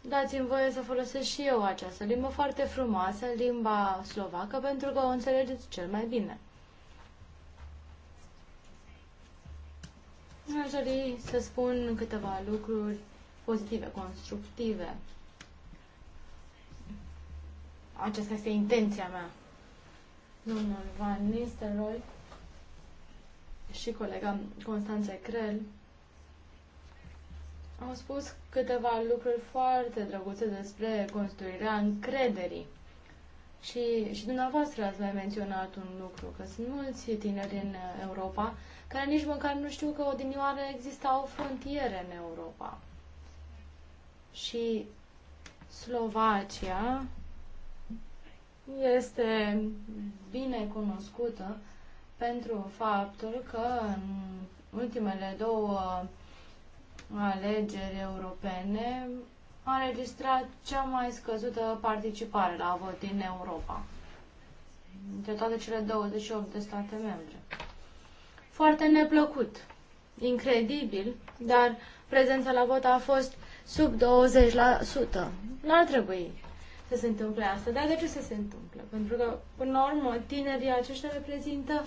Dați-mi voie să folosesc și eu această limbă foarte frumoasă, limba slovacă, pentru că o înțelegeți cel mai bine. Aș dori să spun câteva lucruri pozitive, constructive. Aceasta este intenția mea domnul Van Nistelrooy și colega Constanța Crel au spus câteva lucruri foarte drăguțe despre construirea încrederii. Și, și dumneavoastră ați mai menționat un lucru, că sunt mulți tineri în Europa care nici măcar nu știu că odinioară o frontiere în Europa. Și Slovacia este bine cunoscută pentru faptul că în ultimele două alegeri europene a înregistrat cea mai scăzută participare la vot din Europa, dintre toate cele 28 de state membre. Foarte neplăcut, incredibil, dar prezența la vot a fost sub 20%. N-ar trebui să se întâmple asta. Dar de ce să se întâmple? Pentru că, în urmă, tinerii aceștia reprezintă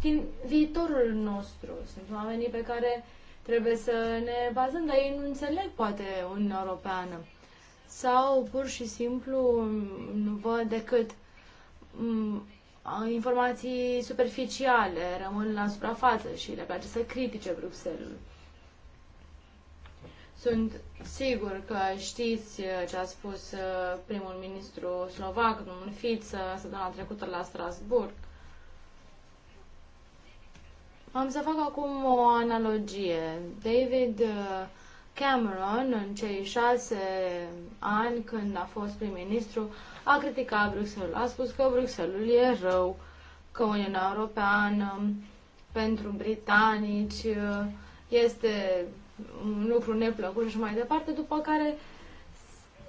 din viitorul nostru. Sunt oamenii pe care trebuie să ne bazăm, dar ei nu înțeleg poate un Europeană. Sau pur și simplu nu văd decât mm, informații superficiale, rămân la suprafață și le place să critique Bruxelles. Sunt sigur că știți uh, ce a spus uh, primul ministru slovac, domnul Fiță, săptămâna trecută la Strasburg. Am să fac acum o analogie. David uh, Cameron, în cei șase ani când a fost prim-ministru, a criticat Bruxelles. A spus că Bruxelles e rău, că Uniunea Europeană pentru britanici este un lucru neplăcut și mai departe, după care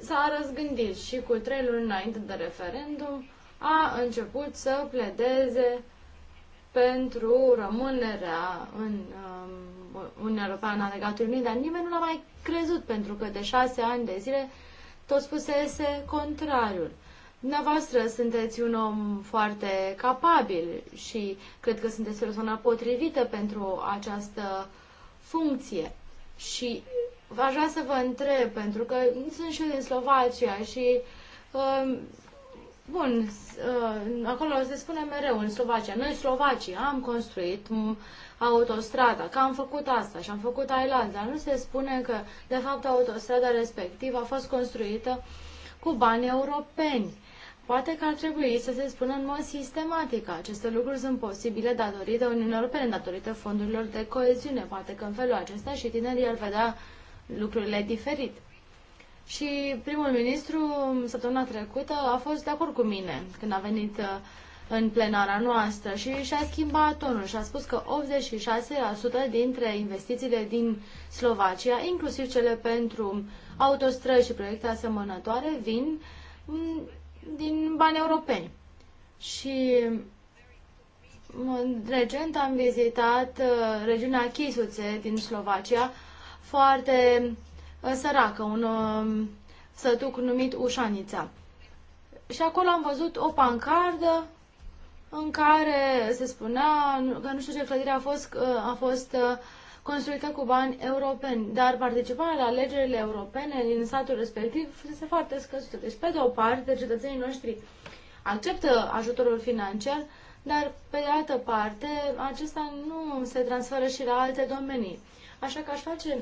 s-a răzgândit și cu trei luni înainte de referendum a început să pledeze pentru rămânerea în um, Uniunea Europeană a Legatului Unii, dar nimeni nu l-a mai crezut, pentru că de șase ani de zile tot spusese contrariul. Dumneavoastră sunteți un om foarte capabil și cred că sunteți persoana potrivită pentru această funcție. Și v aș vrea să vă întreb, pentru că sunt și eu din Slovacia și um, Bun, uh, acolo se spune mereu în Slovacia. Noi, Slovacii, am construit autostrada, că am făcut asta și am făcut aia, dar nu se spune că, de fapt, autostrada respectivă a fost construită cu bani europeni. Poate că ar trebui să se spună în mod sistematic că aceste lucruri sunt posibile datorită Uniunii Europene, datorită fondurilor de coeziune. Poate că în felul acesta și tinerii ar vedea lucrurile diferit. Și primul ministru, săptămâna trecută, a fost de acord cu mine când a venit uh, în plenara noastră și și-a schimbat tonul și a spus că 86% dintre investițiile din Slovacia, inclusiv cele pentru autostrăzi și proiecte asemănătoare, vin mm, din bani europeni. Și recent am vizitat uh, regiunea Chisuțe din Slovacia, foarte uh, săracă, un um, sătuc numit Ușanița. Și acolo am văzut o pancardă în care se spunea că nu știu ce clădire a fost, uh, a fost construită cu bani europeni, dar participarea la alegerile europene din statul respectiv este foarte scăzută. Deci, pe de o parte, cetățenii noștri acceptă ajutorul financiar, dar, pe de altă parte, acesta nu se transferă și la alte domenii. Așa că aș face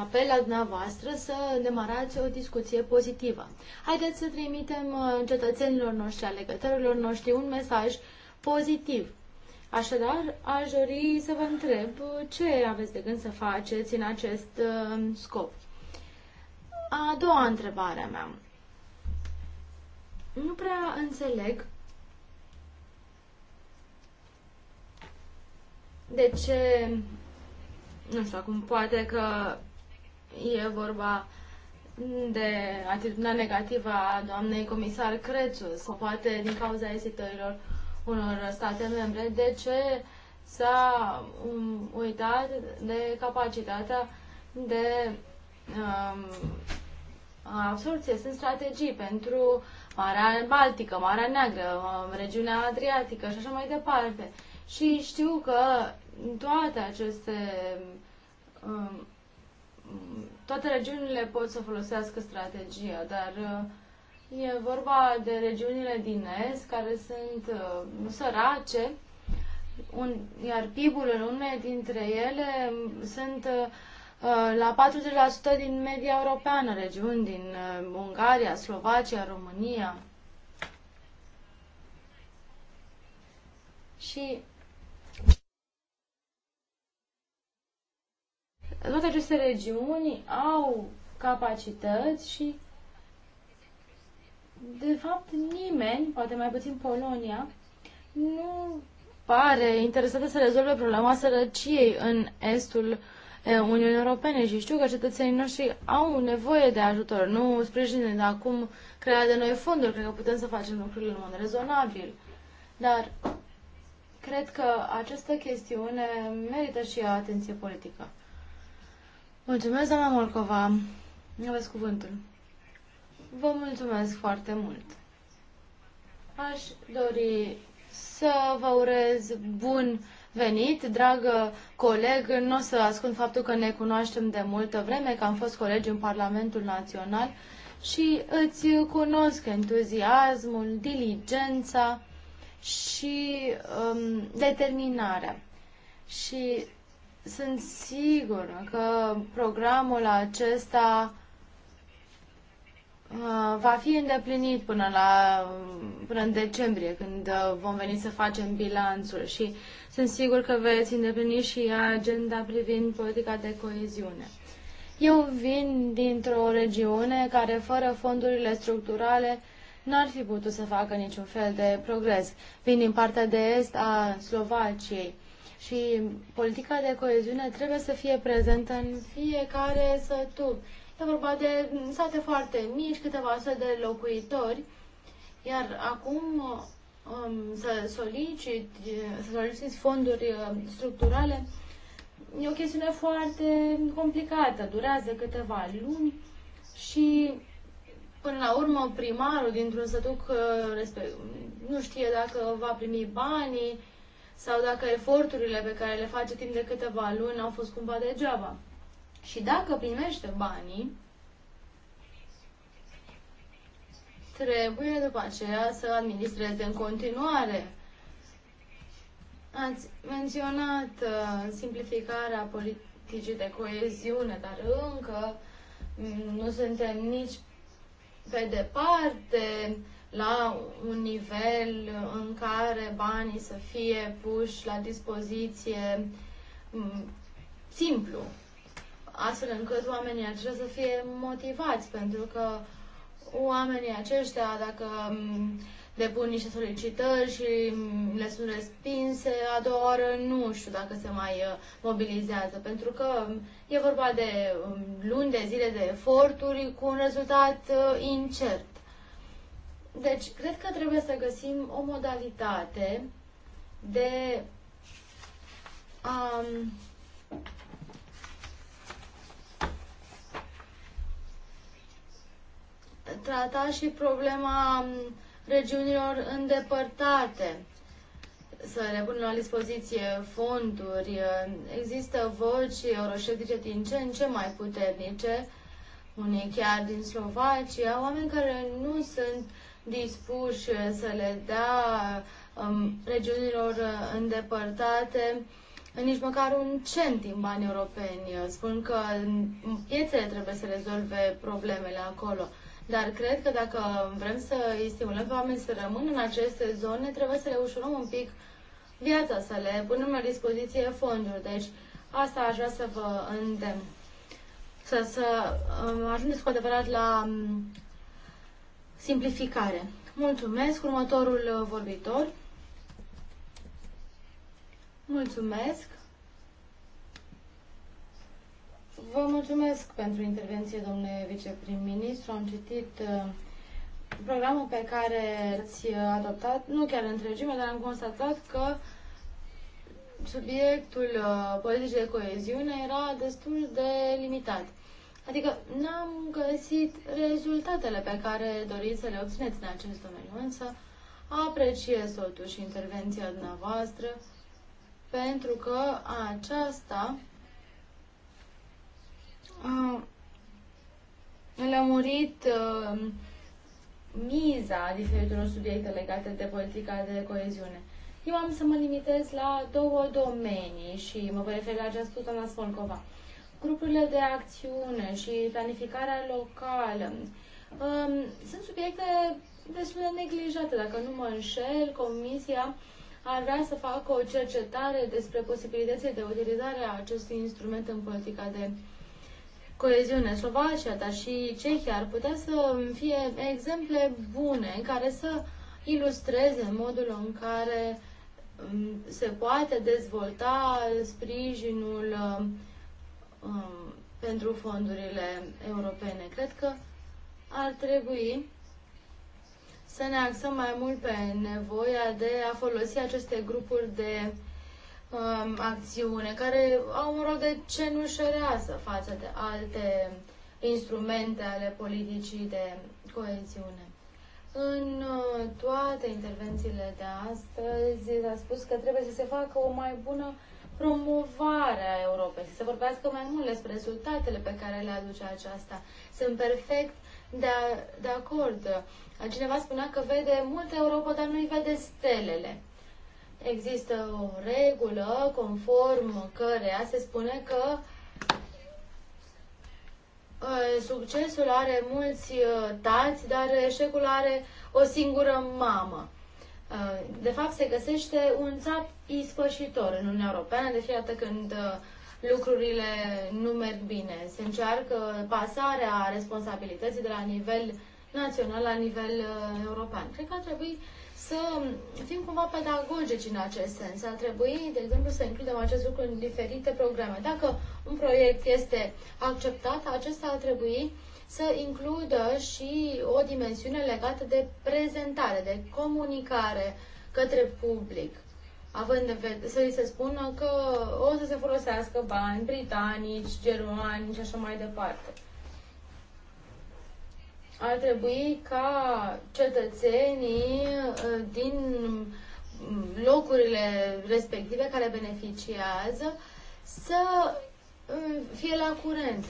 apel la dumneavoastră să demarați o discuție pozitivă. Haideți să trimitem uh, cetățenilor noștri, alegătorilor noștri, un mesaj pozitiv. Așadar, aș dori să vă întreb ce aveți de gând să faceți în acest uh, scop. A doua întrebare a mea. Nu prea înțeleg de ce, nu știu, acum poate că e vorba de atitudinea negativă a doamnei comisar Crețu sau poate din cauza ezitărilor unor state membre, de ce s-a um, uitat de capacitatea de um, absorție. Sunt strategii pentru Marea Baltică, Marea Neagră, um, regiunea Adriatică și așa mai departe. Și știu că toate aceste um, toate regiunile pot să folosească strategia, dar uh, E vorba de regiunile din Est care sunt uh, sărace, un, iar PIB-ul în unele dintre ele mm, sunt uh, la 40% din media europeană, regiuni din uh, Ungaria, Slovacia, România. Și toate aceste regiuni au capacități și de fapt, nimeni, poate mai puțin Polonia, nu pare interesată să rezolve problema sărăciei în estul Uniunii Europene și știu că cetățenii noștri au nevoie de ajutor, nu sprijină de acum crearea de noi fonduri, cred că putem să facem lucrurile în mod rezonabil. Dar cred că această chestiune merită și atenție politică. Mulțumesc, doamna Molcova. Aveți cuvântul. Vă mulțumesc foarte mult. Aș dori să vă urez bun venit, dragă coleg. Nu o să ascund faptul că ne cunoaștem de multă vreme, că am fost colegi în Parlamentul Național și îți cunosc entuziasmul, diligența și um, determinarea. Și sunt sigură că programul acesta Uh, va fi îndeplinit până, la, până în decembrie, când uh, vom veni să facem bilanțul și sunt sigur că veți îndeplini și agenda privind politica de coeziune. Eu vin dintr-o regiune care, fără fondurile structurale, n-ar fi putut să facă niciun fel de progres. Vin din partea de est a Slovaciei și politica de coeziune trebuie să fie prezentă în fiecare sătub E vorba de mm, sate foarte mici, câteva sute de locuitori, iar acum uh, um, să, solicit, să solicit fonduri uh, structurale e o chestiune foarte complicată, durează câteva luni și până la urmă primarul dintr-un sătuc uh, nu știe dacă va primi banii sau dacă eforturile pe care le face timp de câteva luni au fost cumva degeaba. Și dacă primește banii, trebuie după aceea să administreze în continuare. Ați menționat uh, simplificarea politicii de coeziune, dar încă mm, nu suntem nici pe departe la un nivel în care banii să fie puși la dispoziție mm, simplu astfel încât oamenii aceștia să fie motivați, pentru că oamenii aceștia, dacă mm, depun niște solicitări și mm, le sunt respinse, a doua oară nu știu dacă se mai uh, mobilizează, pentru că mm, e vorba de luni de zile de eforturi cu un rezultat uh, incert. Deci, cred că trebuie să găsim o modalitate de a um, trata și problema um, regiunilor îndepărtate, să le punem la dispoziție fonduri. Există voci euroșeptice din ce în ce mai puternice, unii chiar din Slovacia, oameni care nu sunt dispuși să le dea um, regiunilor îndepărtate nici măcar un cent din bani europeni. Spun că um, piețele trebuie să rezolve problemele acolo. Dar cred că dacă vrem să îi stimulăm pe oameni să rămână în aceste zone, trebuie să le ușurăm un pic viața, să le punem la dispoziție fonduri. Deci asta aș vrea să vă îndemn. Să, să um, ajungeți cu adevărat la um, simplificare. Mulțumesc. Următorul uh, vorbitor. Mulțumesc. Vă mulțumesc pentru intervenție, domnule viceprim-ministru. Am citit uh, programul pe care l-ați adoptat, nu chiar întregime, dar am constatat că subiectul uh, politicii de coeziune era destul de limitat. Adică n-am găsit rezultatele pe care doriți să le obțineți în acest domeniu, însă apreciez totuși intervenția dumneavoastră pentru că aceasta a murit uh, miza diferitelor subiecte legate de politica de coeziune. Eu am să mă limitez la două domenii și mă voi referi la ce a spus doamna Smolcova. Grupurile de acțiune și planificarea locală um, sunt subiecte destul de neglijate. Dacă nu mă înșel, Comisia ar vrea să facă o cercetare despre posibilitățile de utilizare a acestui instrument în politica de coeziune. Slovacia, dar și Cehia ar putea să fie exemple bune care să ilustreze modul în care um, se poate dezvolta sprijinul um, pentru fondurile europene. Cred că ar trebui să ne axăm mai mult pe nevoia de a folosi aceste grupuri de um, acțiune, care au un rol de cenușărează față de alte instrumente ale politicii de coeziune. În uh, toate intervențiile de astăzi s-a spus că trebuie să se facă o mai bună promovare a Europei, să se vorbească mai mult despre rezultatele pe care le aduce aceasta. Sunt perfect de, de acord. Cineva spunea că vede multă Europa, dar nu-i vede stelele. Există o regulă conform căreia se spune că uh, succesul are mulți uh, tați, dar eșecul are o singură mamă. Uh, de fapt, se găsește un țap ispășitor în Uniunea Europeană de fiecare dată când lucrurile nu merg bine. Se încearcă pasarea responsabilității de la nivel național la nivel european. Cred că ar trebui să fim cumva pedagogici în acest sens. Ar trebui, de exemplu, să includem acest lucru în diferite programe. Dacă un proiect este acceptat, acesta ar trebui să includă și o dimensiune legată de prezentare, de comunicare către public. Având de vedere, să îi se spună că o să se folosească bani britanici, germani și așa mai departe ar trebui ca cetățenii uh, din mm, locurile respective care beneficiază să mm, fie la curent.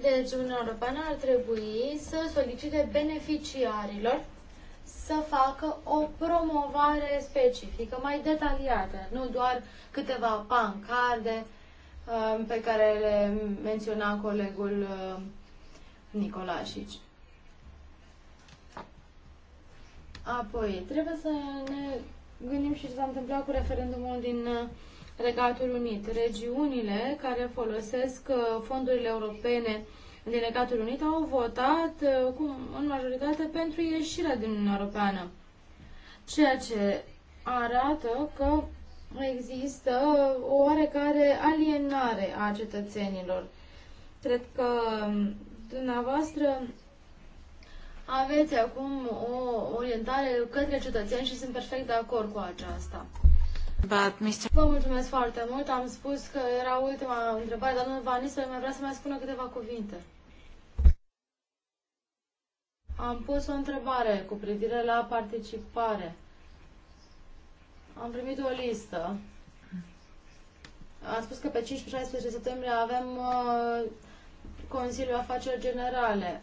Deci Uniunea Europeană ar trebui să solicite beneficiarilor să facă o promovare specifică, mai detaliată, nu doar câteva pancarde uh, pe care le menționa colegul uh, Nicolașici. Apoi, trebuie să ne gândim și ce s-a întâmplat cu referendumul din uh, Regatul Unit. Regiunile care folosesc uh, fondurile europene din Regatul Unit au votat uh, cu, în majoritate pentru ieșirea din Uniunea Europeană. Ceea ce arată că există o oarecare alienare a cetățenilor. Cred că um, dumneavoastră aveți acum o orientare către cetățeni și sunt perfect de acord cu aceasta.
But, Mr. Vă
mulțumesc foarte mult. Am spus că era ultima întrebare, dar domnul Van Nistelrooy mai vrea să mai spună câteva cuvinte. Am pus o întrebare cu privire la participare. Am primit o listă. Am spus că pe 15-16 septembrie avem uh, Consiliul Afaceri Generale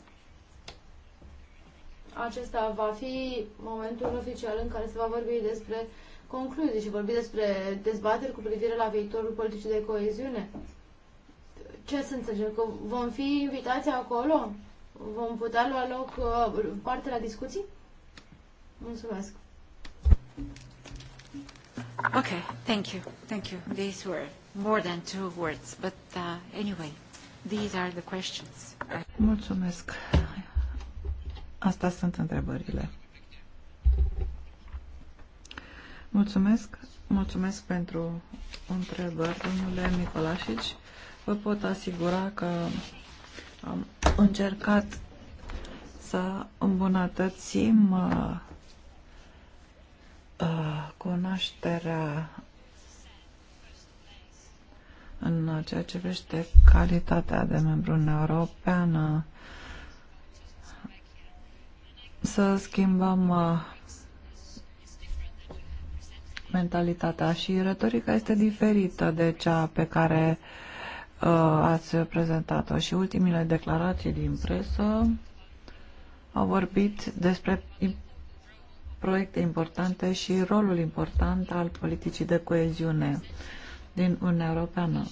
acesta va fi momentul oficial în care se va vorbi despre concluzii și vorbi despre dezbateri cu privire la viitorul politicii de coeziune. Ce să înțelegem? Că vom fi invitați acolo? Vom putea lua loc uh, parte la discuții? Mulțumesc.
Okay, thank you. Thank you. These were more than two words, but uh, anyway, these are the questions. Mulțumesc. Asta sunt întrebările. Mulțumesc, mulțumesc pentru întrebări, domnule Nicolașici. Vă pot asigura că am încercat să îmbunătățim uh, uh, cunoașterea în ceea ce vește calitatea de membru în Europeană, uh, să schimbăm uh, mentalitatea și retorica este diferită de cea pe care uh, ați prezentat-o și ultimile declarații din presă au vorbit despre proiecte importante și rolul important al politicii de coeziune din Uniunea Europeană.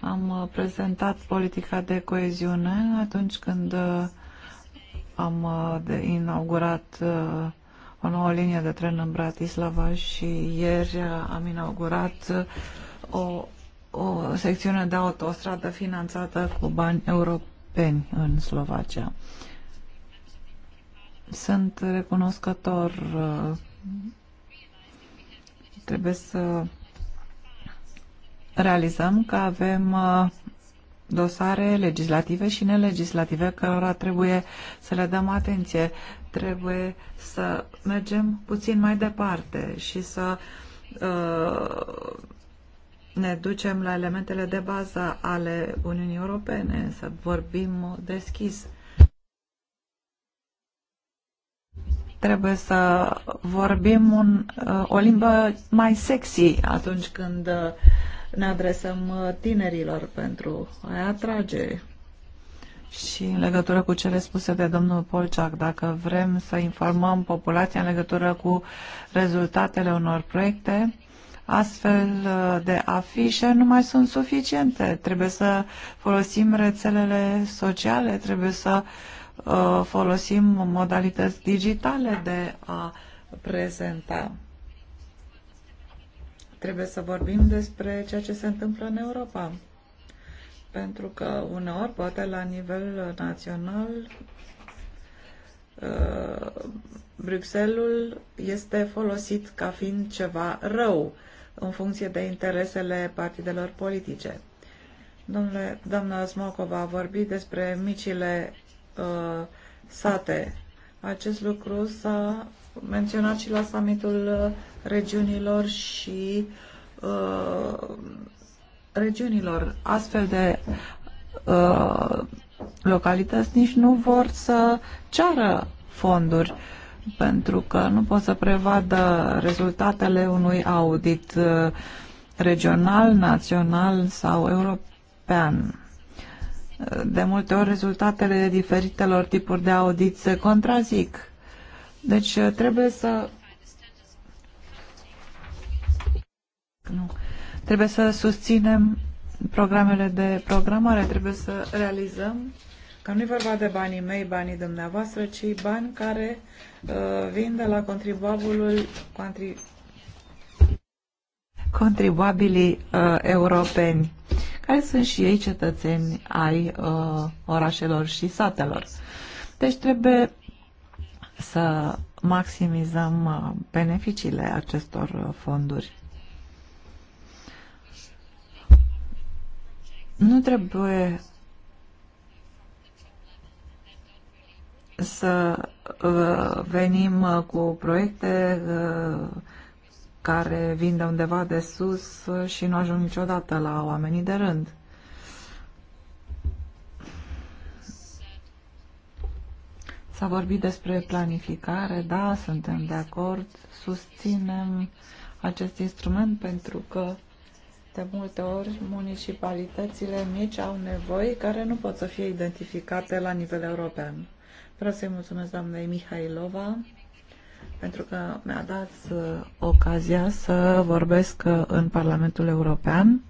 Am uh, prezentat politica de coeziune atunci când uh, am uh, inaugurat uh, o nouă linie de tren în Bratislava și ieri uh, am inaugurat o, o secțiune de autostradă finanțată cu bani europeni în Slovacia. Sunt recunoscător. Trebuie să realizăm că avem dosare legislative și nelegislative cărora trebuie să le dăm atenție. Trebuie să mergem puțin mai departe și să uh, ne ducem la elementele de bază ale Uniunii Europene, să vorbim deschis. Trebuie să vorbim un, uh, o limbă mai sexy atunci când uh, ne adresăm uh, tinerilor pentru a atrage. Și în legătură cu cele spuse de domnul Polciac, dacă vrem să informăm populația în legătură cu rezultatele unor proiecte, astfel uh, de afișe nu mai sunt suficiente. Trebuie să folosim rețelele sociale, trebuie să uh, folosim modalități digitale de a prezenta. Trebuie să vorbim despre ceea ce se întâmplă în Europa. Pentru că uneori, poate la nivel național, uh, Bruxelles este folosit ca fiind ceva rău în funcție de interesele partidelor politice. Domnule, doamna Smokova a vorbit despre micile uh, sate. Acest lucru s-a menționat și la summitul uh, regiunilor și uh, regiunilor. Astfel de uh, localități nici nu vor să ceară fonduri pentru că nu pot să prevadă rezultatele unui audit uh, regional, național sau european. De multe ori rezultatele diferitelor tipuri de audit se contrazic deci uh, trebuie să nu. trebuie să susținem programele de programare, trebuie să realizăm că nu e vorba de banii mei, banii dumneavoastră, ci bani care uh, vin de la contribuabilul contri, contribuabilii uh, europeni, care sunt și ei cetățeni ai uh, orașelor și satelor. Deci trebuie să maximizăm uh, beneficiile acestor uh, fonduri. Nu trebuie să uh, venim cu proiecte care vin de undeva de sus și nu ajung niciodată la oamenii de rând. S-a vorbit despre planificare, da, suntem de acord, susținem acest instrument pentru că de multe ori municipalitățile mici au nevoi care nu pot să fie identificate la nivel european. Vreau să-i mulțumesc doamnei Mihailova pentru că mi-a dat uh, ocazia să vorbesc uh, în Parlamentul European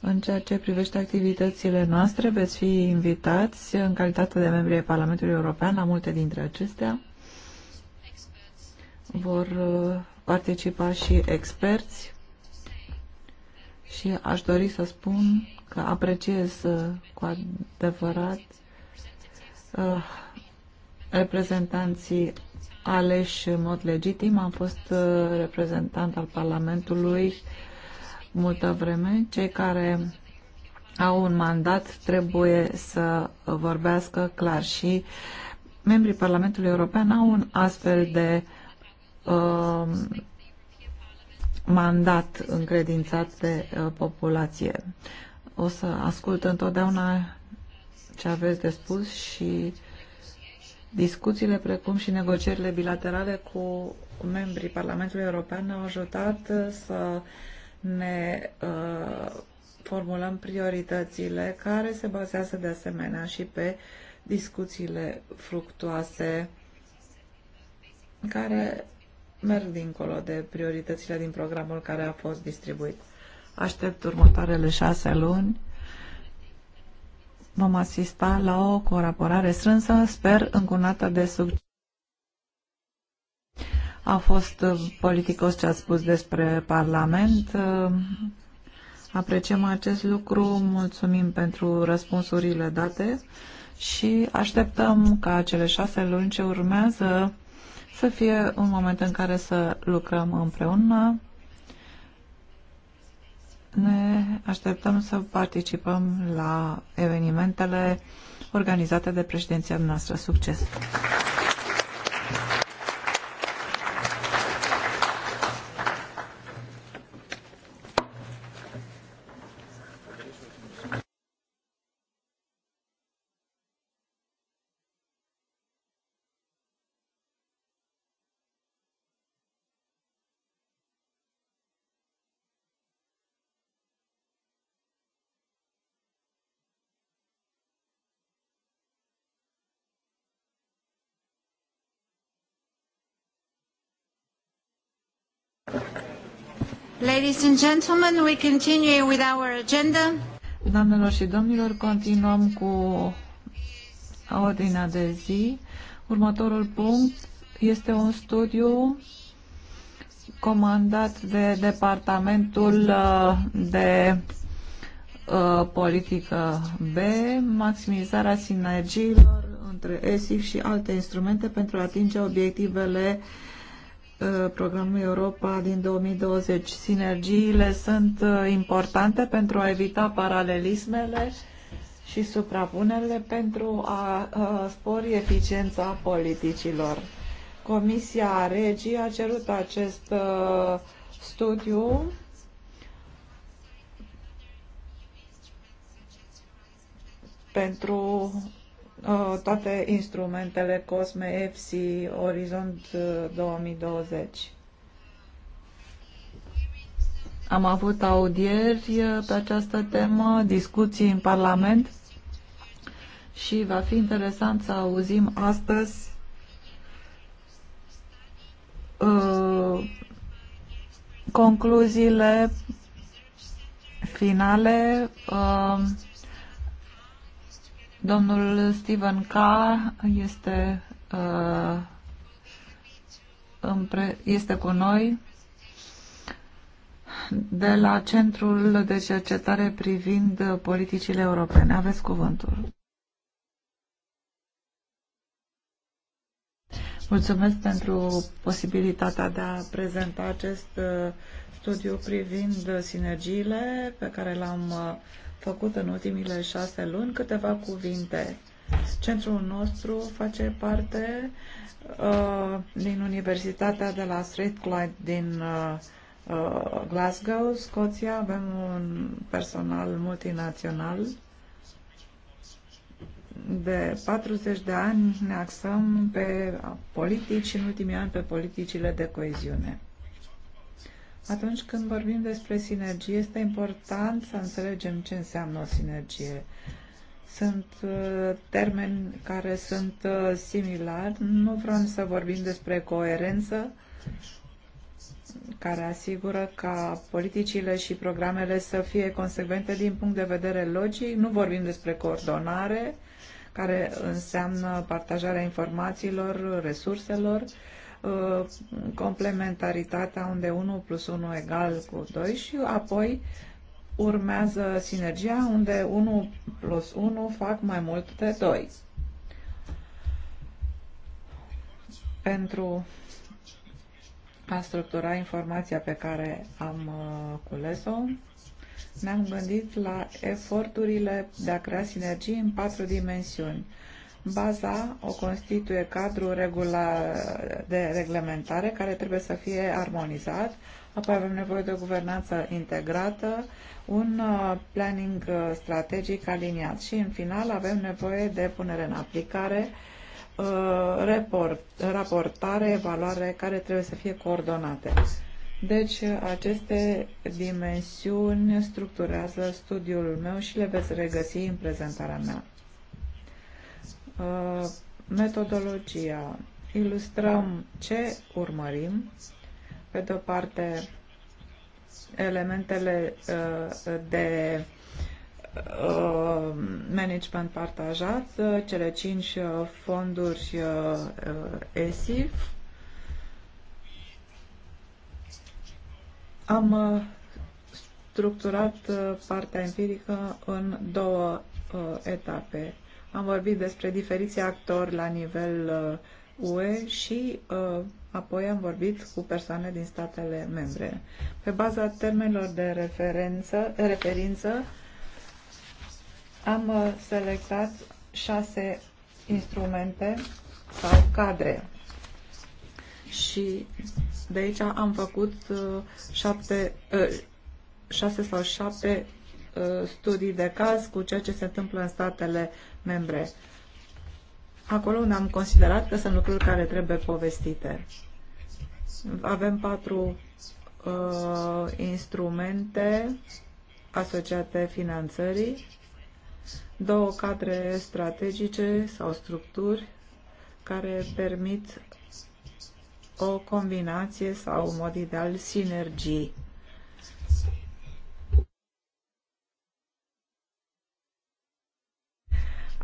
în ceea ce privește activitățile noastre, veți fi invitați în calitate de membri ai Parlamentului European la multe dintre acestea. Vor uh, participa și experți și aș dori să spun că apreciez uh, cu adevărat uh, reprezentanții aleși în mod legitim. Am fost uh, reprezentant al Parlamentului multă vreme. Cei care au un mandat trebuie să vorbească clar și membrii Parlamentului European au un astfel de uh, mandat încredințat de uh, populație. O să ascult întotdeauna ce aveți de spus și discuțiile precum și negocierile bilaterale cu membrii Parlamentului European au ajutat uh, să uh, ne uh, formulăm prioritățile care se bazează de asemenea și pe discuțiile fructuoase care merg dincolo de prioritățile din programul care a fost distribuit. Aștept următoarele șase luni. Vom asista la o colaborare strânsă, sper încunată de succes. A fost uh, politicos ce a spus despre Parlament. Uh, apreciem acest lucru, mulțumim pentru răspunsurile date și așteptăm ca cele șase luni ce urmează să fie un moment în care să lucrăm împreună. Ne așteptăm să participăm la evenimentele organizate de președinția noastră. Succes! Ladies and gentlemen, we continue with our agenda. Doamnelor și domnilor, continuăm cu ordinea de zi. Următorul punct este un studiu comandat de Departamentul uh, de uh, Politică B, maximizarea sinergiilor între ESIF și alte instrumente pentru a atinge obiectivele uh, Uh, programului Europa din 2020. Sinergiile sunt uh, importante pentru a evita paralelismele și suprapunerile pentru a uh, spori eficiența politicilor. Comisia Regii a cerut acest studiu pentru Uh, toate instrumentele COSME, EFSI, Orizont 2020. Uh, Am avut audieri uh, pe această temă, discuții în Parlament și va fi interesant să auzim astăzi uh, concluziile finale uh, Domnul Steven K. este, uh, este cu noi de la Centrul de Cercetare privind politicile europene. Aveți cuvântul. Mulțumesc pentru posibilitatea de a prezenta acest uh, studiu privind sinergiile pe care l-am uh, făcut în ultimile șase luni, câteva cuvinte. Centrul nostru face parte uh, din Universitatea de la Strathclyde din uh, uh, Glasgow, Scoția. Avem un personal multinațional de 40 de ani ne axăm pe politici și în ultimii ani pe politicile de coeziune. Atunci când vorbim despre sinergie, este important să înțelegem ce înseamnă o sinergie. Sunt uh, termeni care sunt uh, similari, nu vrem să vorbim despre coerență, care asigură ca politicile și programele să fie consecvente din punct de vedere logic. Nu vorbim despre coordonare, care înseamnă partajarea informațiilor, resurselor Uh, complementaritatea unde 1 plus 1 egal cu 2 și apoi urmează sinergia unde 1 plus 1 fac mai mult de 2. Pentru a structura informația pe care am uh, cules-o, ne-am gândit la eforturile de a crea sinergii în patru dimensiuni. Baza o constituie cadrul regula de reglementare care trebuie să fie armonizat, apoi avem nevoie de o guvernanță integrată, un uh, planning uh, strategic aliniat și în final avem nevoie de punere în aplicare, uh, report, raportare, evaluare care trebuie să fie coordonate. Deci aceste dimensiuni structurează studiul meu și le veți regăsi în prezentarea mea. Uh, metodologia. Ilustrăm ce urmărim. Pe de-o parte, elementele uh, de uh, management partajat, cele cinci fonduri ESIF. Am structurat partea empirică în două etape. Am vorbit despre diferiții actori la nivel UE uh, și uh, apoi am vorbit cu persoane din statele membre. Pe baza termenilor de referență, referință, am uh, selectat șase instrumente sau cadre și de aici am făcut șapte, șase sau șapte studii de caz cu ceea ce se întâmplă în statele membre. Acolo unde am considerat că sunt lucruri care trebuie povestite. Avem patru uh, instrumente asociate finanțării, două cadre strategice sau structuri care permit o combinație sau, în mod ideal, sinergii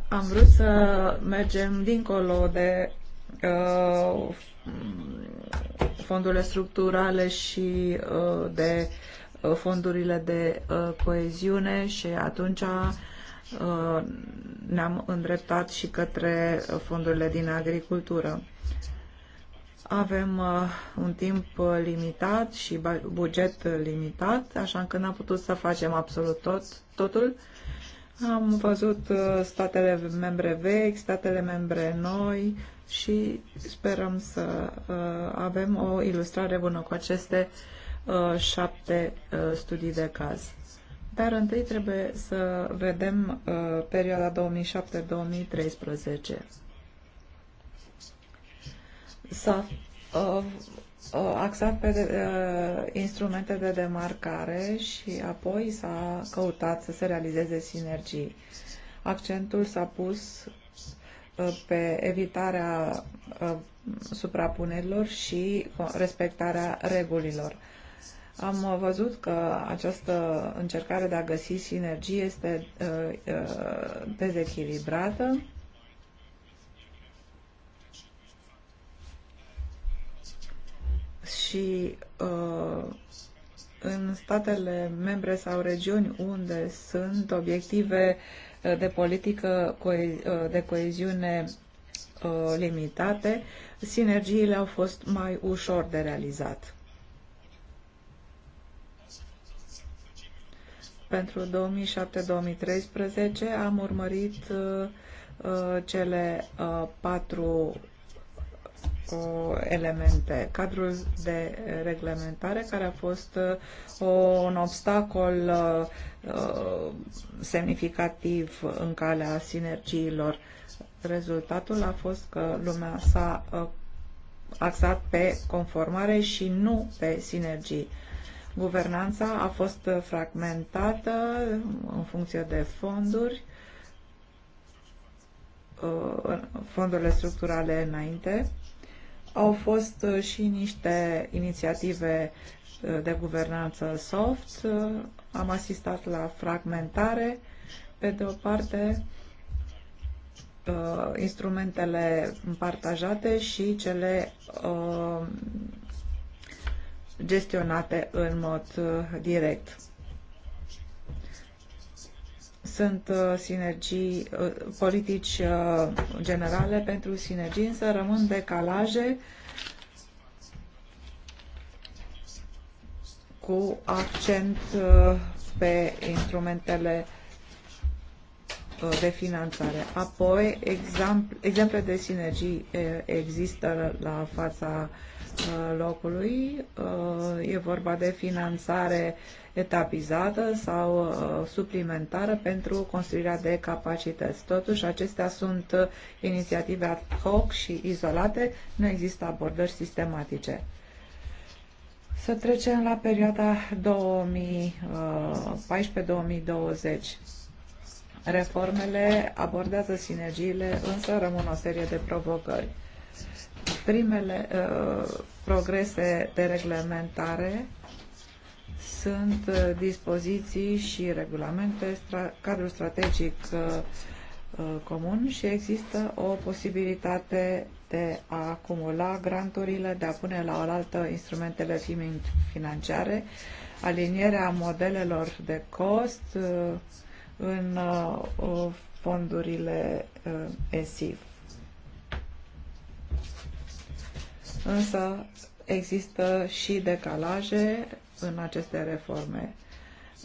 am vrut să mergem dincolo de uh, fondurile structurale și uh, de uh, fondurile de uh, coeziune și atunci uh, ne-am îndreptat și către fondurile din agricultură. Avem uh, un timp limitat și buget limitat, așa că n-am putut să facem absolut tot, totul am văzut uh, statele membre vechi, statele membre noi și sperăm să uh, avem o ilustrare bună cu aceste uh, șapte studii de caz. Dar întâi trebuie să vedem perioada 2007-2013. S-a axat pe uh, instrumente de demarcare și apoi s-a căutat să se realizeze sinergii. Accentul s-a pus pe evitarea suprapunerilor și respectarea regulilor. Am văzut că această încercare de a găsi sinergie este dezechilibrată și uh, în statele membre sau regiuni unde sunt obiective uh, de politică uh, de coeziune uh, limitate, sinergiile au fost mai ușor de realizat. Pentru 2007-2013 am urmărit cele patru elemente. Cadrul de reglementare care a fost uh, un obstacol uh, uh, semnificativ în calea sinergiilor. Rezultatul a fost că lumea s-a axat pe conformare și nu pe sinergii. Guvernanța a fost fragmentată în funcție de fonduri, fondurile structurale înainte, au fost uh, și niște inițiative uh, de guvernanță soft. Uh, am asistat la fragmentare. Pe de o parte, instrumentele partajate și cele gestionate în mod direct sunt uh, sinergii, uh, politici uh, generale pentru sinergii, însă rămân decalaje cu accent pe instrumentele de finanțare. Apoi, exemple de sinergii există la fața Uh, locului. Uh, e vorba de finanțare etapizată sau uh, suplimentară pentru construirea de capacități. Totuși, acestea sunt inițiative ad hoc și izolate, nu există abordări sistematice. Să trecem la perioada 2014-2020. Reformele abordează sinergiile, însă rămân o serie de provocări Primele uh, progrese de reglementare sunt uh, dispoziții și regulamente, stra cadrul strategic uh, uh, comun și există o posibilitate de a acumula granturile, de a pune la oaltă instrumentele financiare, alinierea modelelor de cost uh, în uh, fondurile ESIF. însă există și decalaje în aceste reforme.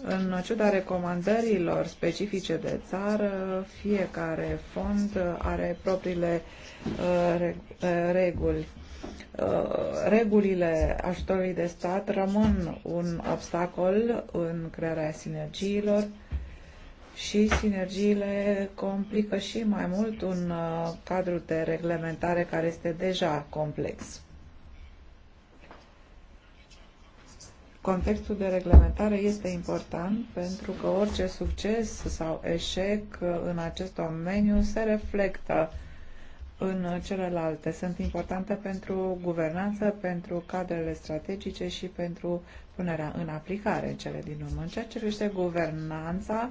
În ciuda recomandărilor specifice de țară, fiecare fond are propriile uh, uh, reguli. Uh, regulile ajutorului de stat rămân un obstacol în crearea sinergiilor și sinergiile complică și mai mult un cadru de reglementare care este deja complex. Contextul de reglementare este important pentru că orice succes sau eșec în acest domeniu se reflectă în celelalte. Sunt importante pentru guvernanță, pentru cadrele strategice și pentru punerea în aplicare în cele din urmă. În ceea ce privește guvernanța,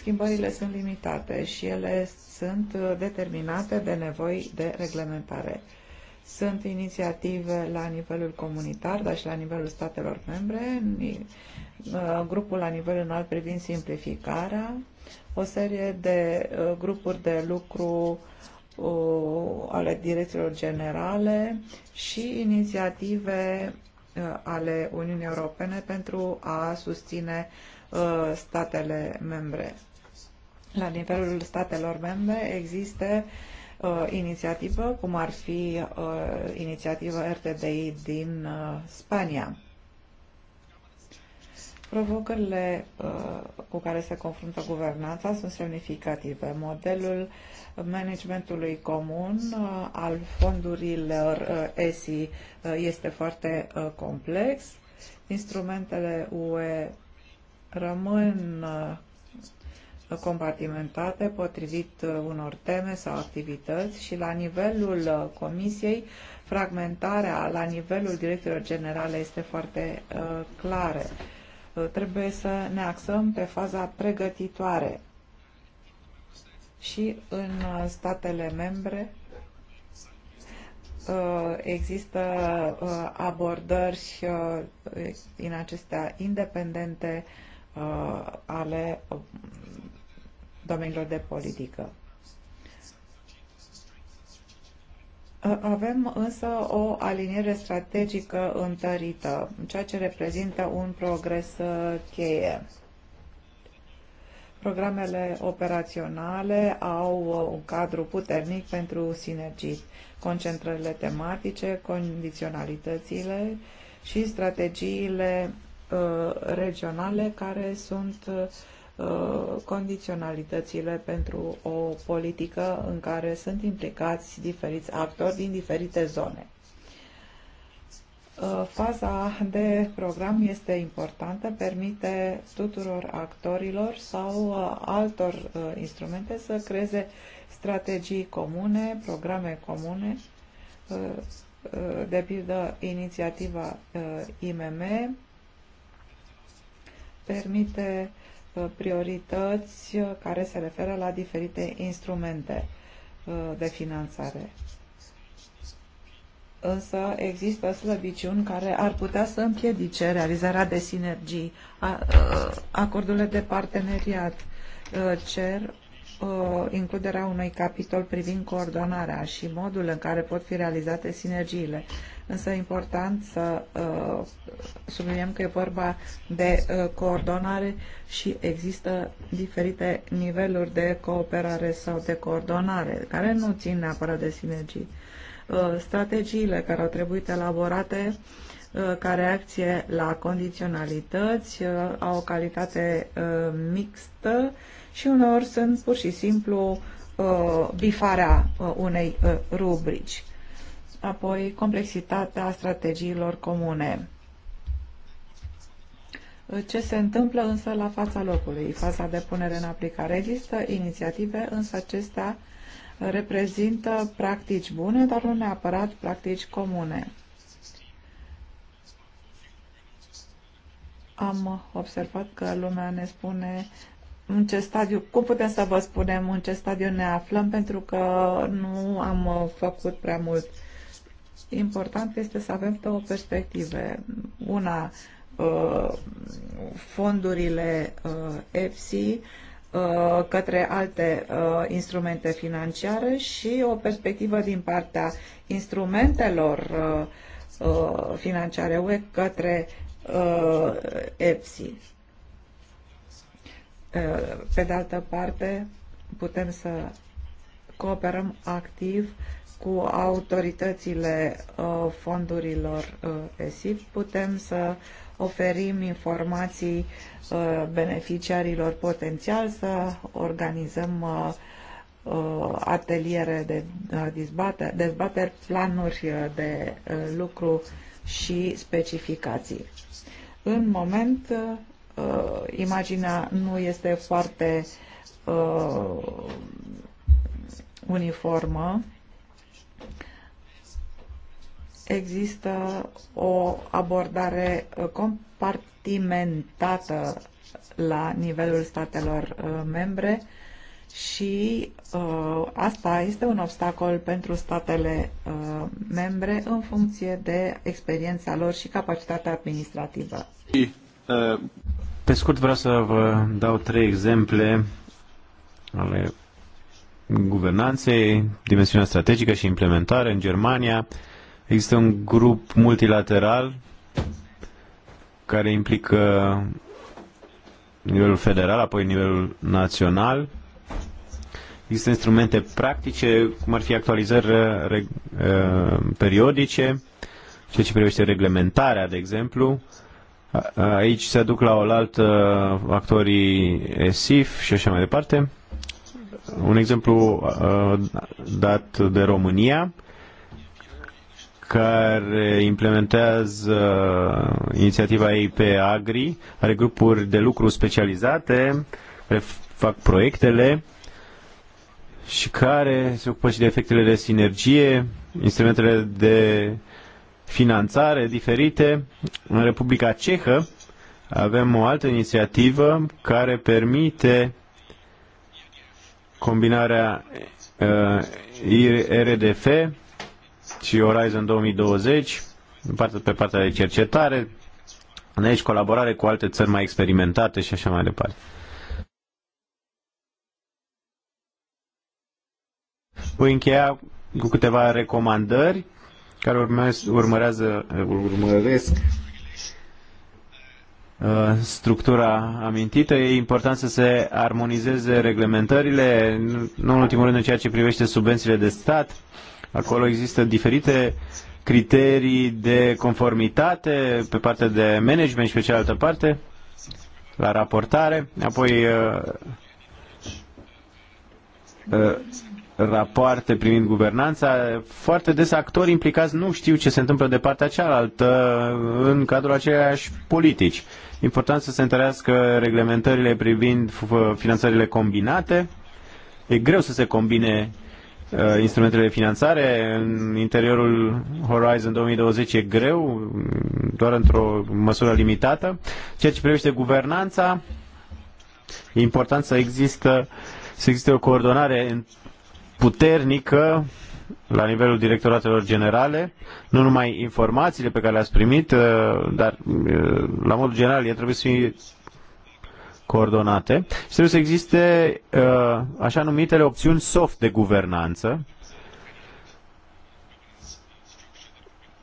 schimbările sunt limitate și ele sunt determinate de nevoi de reglementare. Sunt inițiative la nivelul comunitar, dar și la nivelul statelor membre, uh, grupul la nivel înalt privind simplificarea, o serie de uh, grupuri de lucru uh, ale direcțiilor generale și inițiative ale Uniunii Europene pentru a susține statele membre. La nivelul statelor membre există uh, inițiativă, cum ar fi uh, inițiativa RTDI din uh, Spania. Provocările uh, cu care se confruntă guvernanța sunt semnificative. Modelul managementului comun uh, al fondurilor uh, ESI uh, este foarte uh, complex. Instrumentele UE rămân uh, compartimentate potrivit uh, unor teme sau activități și la nivelul uh, comisiei fragmentarea la nivelul directorilor generale este foarte uh, clară. trebuie să ne axăm pe faza pregătitoare și în statele membre există abordări din acestea independente ale domeniilor de politică. Avem însă o aliniere strategică întărită, ceea ce reprezintă un progres uh, cheie. Programele operaționale au uh, un cadru puternic pentru sinergii, concentrările tematice, condiționalitățile și strategiile uh, regionale care sunt Uh, condiționalitățile pentru o politică în care sunt implicați diferiți actori din diferite zone. Uh, faza de program este importantă, permite tuturor actorilor sau uh, altor instrumente să creeze strategii comune, programe comune, de pildă inițiativa IMM permite Uh, priorități uh, care se referă la diferite instrumente uh, de finanțare. Însă există slăbiciuni care ar putea să împiedice realizarea de sinergii, acordurile de parteneriat. Cer uh, includerea unui capitol privind coordonarea și modul în care pot fi realizate sinergiile. Însă e important să uh, subliniem că e vorba de uh, coordonare și există diferite niveluri de cooperare sau de coordonare, care nu țin neapărat de sinergii. Uh, strategiile care au trebuit elaborate uh, ca reacție la condiționalități, uh, au o calitate uh, mixtă și uneori sunt pur și simplu uh, bifarea uh, unei uh, rubrici. Apoi, complexitatea strategiilor comune. Ce se întâmplă însă la fața locului, faza de punere în aplicare? Există inițiative, însă acestea reprezintă practici bune, dar nu neapărat practici comune. Am observat că lumea ne spune în ce stadiu, cum putem să vă spunem în ce stadiu ne aflăm, pentru că nu am uh, făcut prea mult. Important este să avem două perspective. Una, uh, fondurile EFSI uh, către alte instrumente financiare și o perspectivă din partea instrumentelor financiare UE către EFSI. Pe de altă parte, putem să cooperăm activ cu autoritățile uh, fondurilor uh, ESIF, putem să oferim informații uh, beneficiarilor potențial, să organizăm ateliere de dezbateri, dezbateri planuri de lucru și specificații. În moment uh, imaginea nu este foarte uh, uniformă. Există o abordare uh, compartimentată la nivelul statelor uh, membre și uh, asta este un obstacol pentru statele uh, membre în funcție de experiența lor și capacitatea administrativă.
Uh, pe scurt vreau să vă dau trei exemple ale guvernanței, dimensiunea strategică și implementare în Germania. Există un grup multilateral care implică nivelul federal, apoi nivelul național. Există instrumente practice, cum ar fi actualizări eh, periodice, ceea ce privește reglementarea, de exemplu, Aici se aduc la oaltă actorii ESIF și așa mai departe. Un exemplu uh, dat de România, care implementează inițiativa ei pe Agri, are grupuri de lucru specializate, care fac proiectele și care se ocupă și de efectele de sinergie, instrumentele de finanțare diferite. În Republica Cehă avem o altă inițiativă care permite combinarea uh, RDF și Horizon 2020 pe partea de cercetare, aici colaborare cu alte țări mai experimentate și așa mai departe. Voi încheia cu câteva recomandări care urmează, urmărează, urmăresc uh, structura amintită. E important să se armonizeze reglementările, nu în ultimul rând în ceea ce privește subvențiile de stat. Acolo există diferite criterii de conformitate pe partea de management și pe cealaltă parte, la raportare. Apoi uh, uh, rapoarte privind guvernanța, foarte des actori implicați nu știu ce se întâmplă de partea cealaltă în cadrul aceiași politici. Important să se întărească reglementările privind finanțările combinate. E greu să se combine uh, instrumentele de finanțare. În interiorul Horizon 2020 e greu, doar într-o măsură limitată. Ceea ce privește guvernanța, e important să există să existe o coordonare puternică la nivelul directoratelor generale, nu numai informațiile pe care le-ați primit, uh, dar uh, la modul general ele trebuie să fie coordonate și trebuie să existe uh, așa numitele opțiuni soft de guvernanță,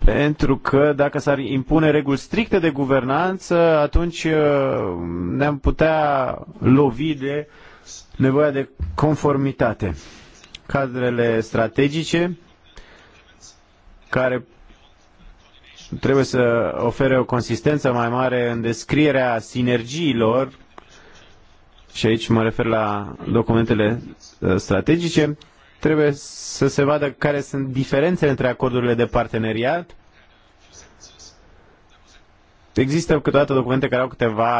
Pentru că dacă s-ar impune reguli stricte de guvernanță, atunci ne-am putea lovi de nevoia de conformitate cadrele strategice care trebuie să ofere o consistență mai mare în descrierea sinergiilor și aici mă refer la documentele uh, strategice, trebuie să se vadă care sunt diferențele între acordurile de parteneriat Există câteodată documente care au câteva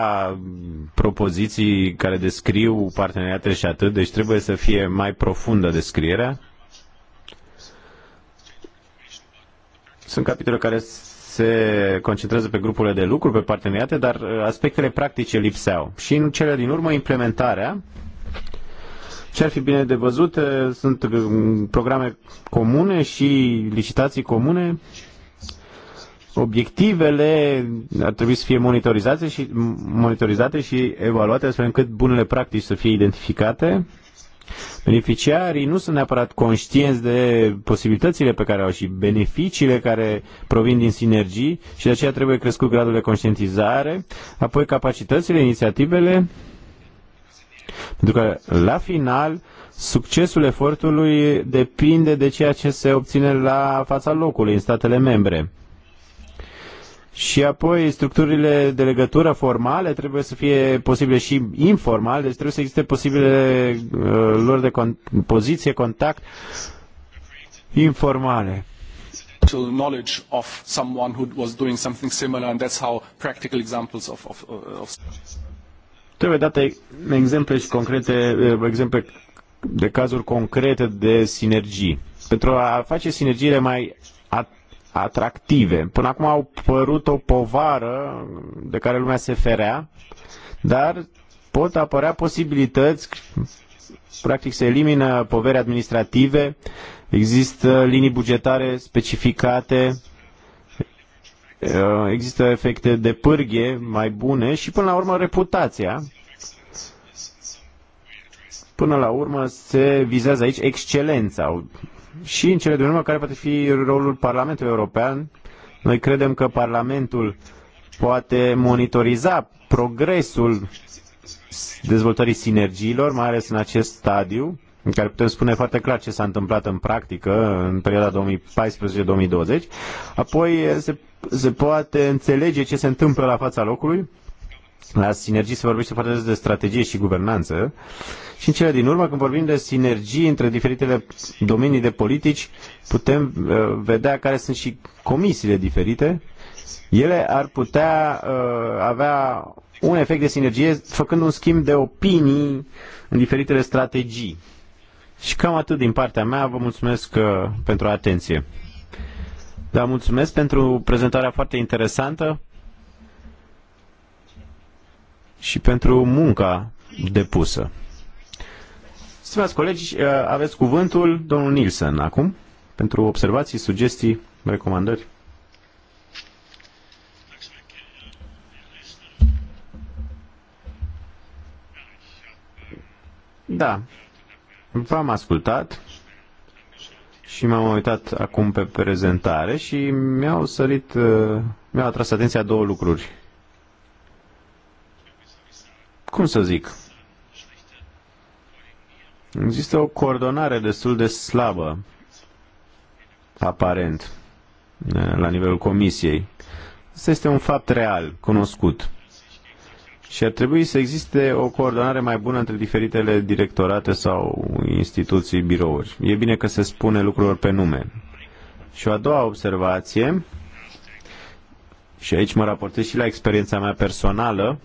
propoziții care descriu parteneriatele și atât, deci trebuie să fie mai profundă descrierea. Sunt capitole care se concentrează pe grupurile de lucru, pe parteneriate, dar aspectele practice lipseau. Și în cele din urmă, implementarea. Ce ar fi bine de văzut sunt programe comune și licitații comune obiectivele ar trebui să fie monitorizate și, monitorizate și evaluate astfel încât bunele practici să fie identificate. Beneficiarii nu sunt neapărat conștienți de posibilitățile pe care au și beneficiile care provin din sinergii și de aceea trebuie crescut gradul de conștientizare, apoi capacitățile, inițiativele, pentru că la final succesul efortului depinde de ceea ce se obține la fața locului în statele membre. Și apoi structurile de legătură formale trebuie să fie posibile și informal, deci trebuie să existe posibile uh, lor de con- poziție, contact informale.
knowledge of someone who was doing something similar and that's how practical examples of, of, uh, of...
Trebuie date exemple și concrete, uh, exemple de cazuri concrete de sinergii. Pentru a face sinergiile mai atractive. Până acum au părut o povară de care lumea se ferea, dar pot apărea posibilități, practic se elimină povere administrative, există linii bugetare specificate, uh, există efecte de pârghie mai bune și până la urmă reputația. Până la urmă se vizează aici excelența și în cele din urmă care poate fi rolul Parlamentului European. Noi credem că Parlamentul poate monitoriza progresul dezvoltării sinergiilor, mai ales în acest stadiu, în care putem spune foarte clar ce s-a întâmplat în practică în perioada 2014-2020. Apoi se, se poate înțelege ce se întâmplă la fața locului la sinergii se vorbește foarte des de strategie și guvernanță și în cele din urmă, când vorbim de sinergii între diferitele domenii de politici, putem uh, vedea care sunt și comisiile diferite. Ele ar putea uh, avea un efect de sinergie făcând un schimb de opinii în diferitele strategii. Și cam atât din partea mea, vă mulțumesc uh, pentru atenție. Da, mulțumesc pentru prezentarea foarte interesantă și pentru munca depusă. Stimați colegi, uh, aveți cuvântul domnul Nilsen, acum pentru observații, sugestii, recomandări. Da, v-am ascultat și m-am uitat acum pe prezentare și mi-au sărit, uh, mi-au atras atenția două lucruri cum să zic, există o coordonare destul de slabă, aparent, la nivelul comisiei. Asta este un fapt real, cunoscut. Și ar trebui să existe o coordonare mai bună între diferitele directorate sau instituții, birouri. E bine că se spune lucrurilor pe nume. Și o a doua observație, și aici mă raportez și la experiența mea personală,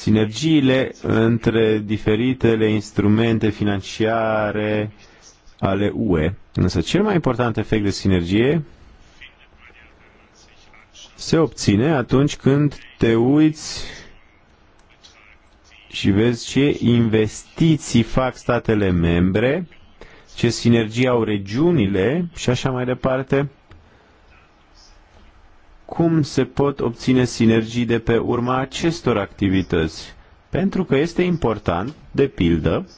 sinergiile între diferitele instrumente financiare ale UE. Însă cel mai important efect de sinergie se obține atunci când te uiți și vezi ce investiții fac statele membre, ce sinergie au regiunile și așa mai departe cum se pot obține sinergii de pe urma acestor activități. Pentru că este important, de pildă,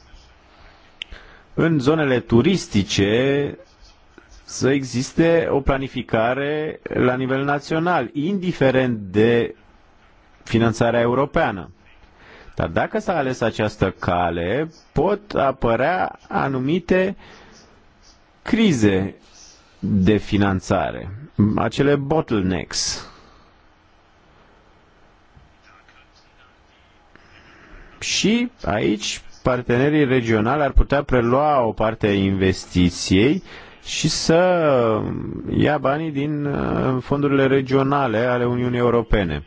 în zonele turistice să existe o planificare la nivel național, indiferent de finanțarea europeană. Dar dacă s-a ales această cale, pot apărea anumite crize de finanțare, acele bottlenecks. Și aici partenerii regionali ar putea prelua o parte a investiției și să ia banii din uh, fondurile regionale ale Uniunii Europene.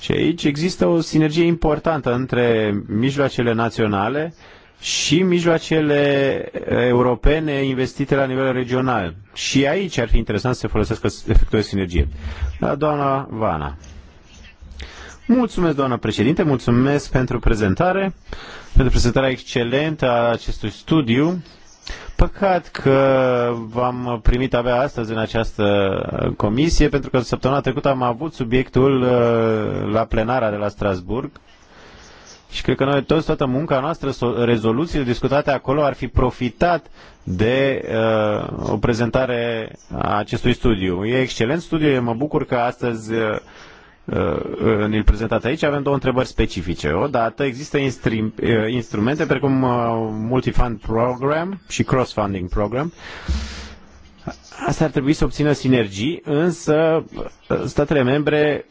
Și aici există o sinergie importantă între mijloacele naționale și mijloacele europene investite la nivel regional. Și aici ar fi interesant să se folosească efectul sinergie. La da, doamna Vana. Mulțumesc, doamna președinte, mulțumesc pentru prezentare, pentru prezentarea excelentă a acestui studiu. Păcat că v-am primit abia astăzi în această comisie, pentru că săptămâna trecută am avut subiectul la plenara de la Strasburg și cred că noi toți, toată munca noastră, rezoluțiile discutate acolo ar fi profitat de uh, o prezentare a acestui studiu. E excelent studiu, mă bucur că astăzi uh, uh, uh ne-l prezentat aici, avem două întrebări specifice. O dată există uh, instrumente precum Multifund Program și Cross-Funding Program. Asta ar trebui să obțină sinergii, însă statele membre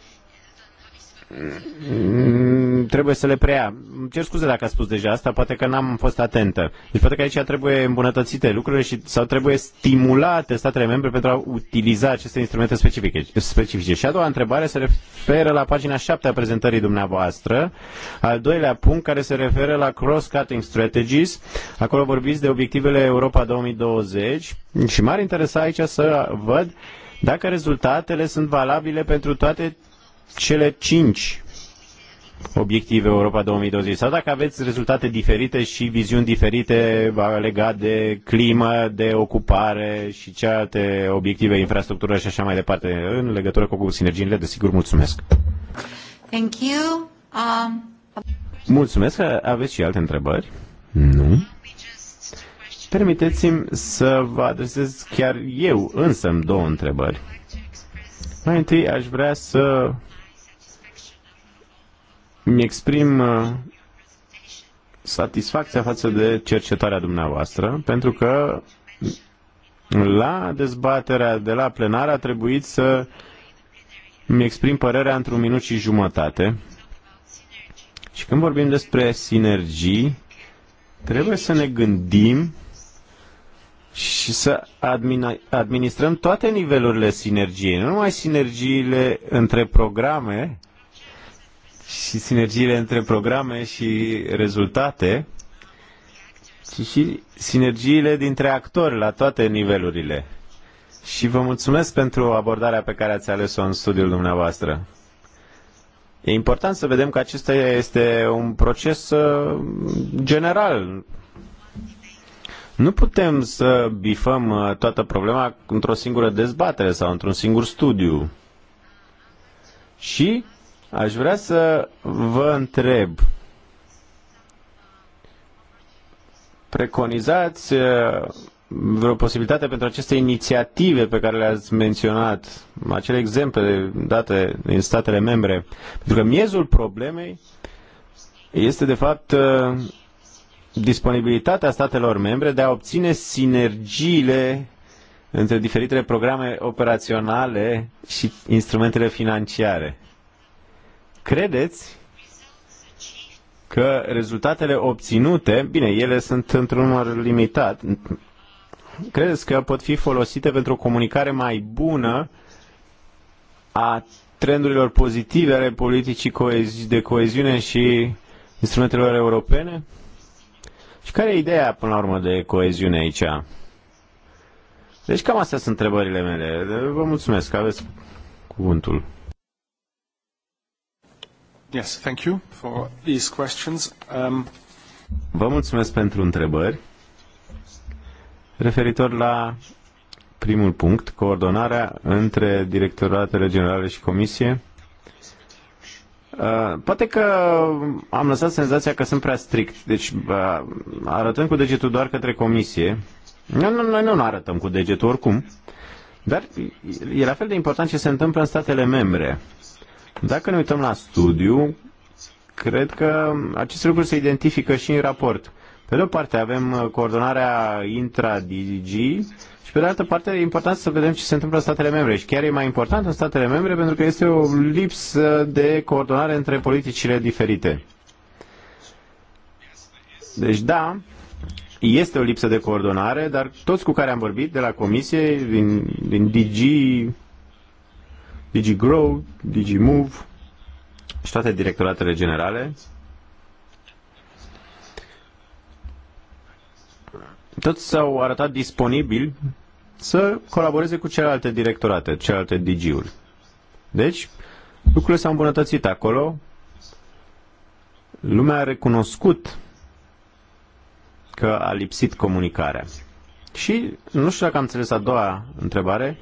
Mm, trebuie să le preia. Îmi cer scuze dacă a spus deja asta, poate că n-am fost atentă. Deci poate că aici trebuie îmbunătățite lucrurile și, sau trebuie stimulate statele membre pentru a utiliza aceste instrumente specifice. specifice. Și a doua întrebare se referă la pagina 7 a prezentării dumneavoastră. Al doilea punct care se referă la cross-cutting strategies. Acolo vorbiți de obiectivele Europa 2020 și m-ar interesa aici să văd dacă rezultatele sunt valabile pentru toate cele cinci obiective Europa 2020 sau dacă aveți rezultate diferite și viziuni diferite legate de climă, de ocupare și ce alte obiective, infrastructură și așa mai departe în legătură cu sinergiile, desigur, mulțumesc.
Thank you. Um...
Mulțumesc că aveți și alte întrebări. Nu. Permiteți-mi să vă adresez chiar eu însă două întrebări. Mai întâi aș vrea să mi exprim uh, satisfacția față de cercetarea dumneavoastră, pentru că la dezbaterea de la plenar a trebuit să mi exprim părerea într-un minut și jumătate. Și când vorbim despre sinergii, trebuie să ne gândim și să administrăm toate nivelurile sinergiei, nu numai sinergiile între programe, și sinergiile între programe și rezultate, ci și sinergiile dintre actori la toate nivelurile. Și vă mulțumesc pentru abordarea pe care ați ales-o în studiul dumneavoastră. E important să vedem că acesta este un proces uh, general. Nu putem să bifăm uh, toată problema într-o singură dezbatere sau într-un singur studiu. Și Aș vrea să vă întreb. Preconizați uh, vreo posibilitate pentru aceste inițiative pe care le-ați menționat, acele exemple date din statele membre? Pentru că miezul problemei este, de fapt, uh, disponibilitatea statelor membre de a obține sinergiile între diferitele programe operaționale și instrumentele financiare. Credeți că rezultatele obținute, bine, ele sunt într-un număr limitat, credeți că pot fi folosite pentru o comunicare mai bună a trendurilor pozitive ale politicii de coeziune și instrumentelor europene? Și care e ideea, până la urmă, de coeziune aici? Deci cam astea sunt întrebările mele. Vă mulțumesc, aveți cuvântul. Yes, thank you for these questions. Um... Vă mulțumesc pentru întrebări. Referitor la primul punct, coordonarea între directoratele generale și comisie, uh, poate că am lăsat senzația că sunt prea strict, deci uh, arătând cu degetul doar către comisie. Noi, noi nu arătăm cu degetul oricum, dar e la fel de important ce se întâmplă în statele membre. Dacă ne uităm la studiu, cred că acest lucru se identifică și în raport. Pe de o parte avem uh, coordonarea intra-DG și pe de altă parte e important să vedem ce se întâmplă în statele membre. Și chiar e mai important în statele membre pentru că este o lipsă de coordonare între politicile diferite. Deci da, este o lipsă de coordonare, dar toți cu care am vorbit de la comisie, din, din DG, DigiGrow, DigiMove și toate directoratele generale. Toți s-au arătat disponibili să colaboreze cu celelalte directorate, celelalte DG-uri. Deci, lucrurile s-au îmbunătățit acolo. Lumea a recunoscut că a lipsit comunicarea. Și nu știu dacă am înțeles a doua întrebare,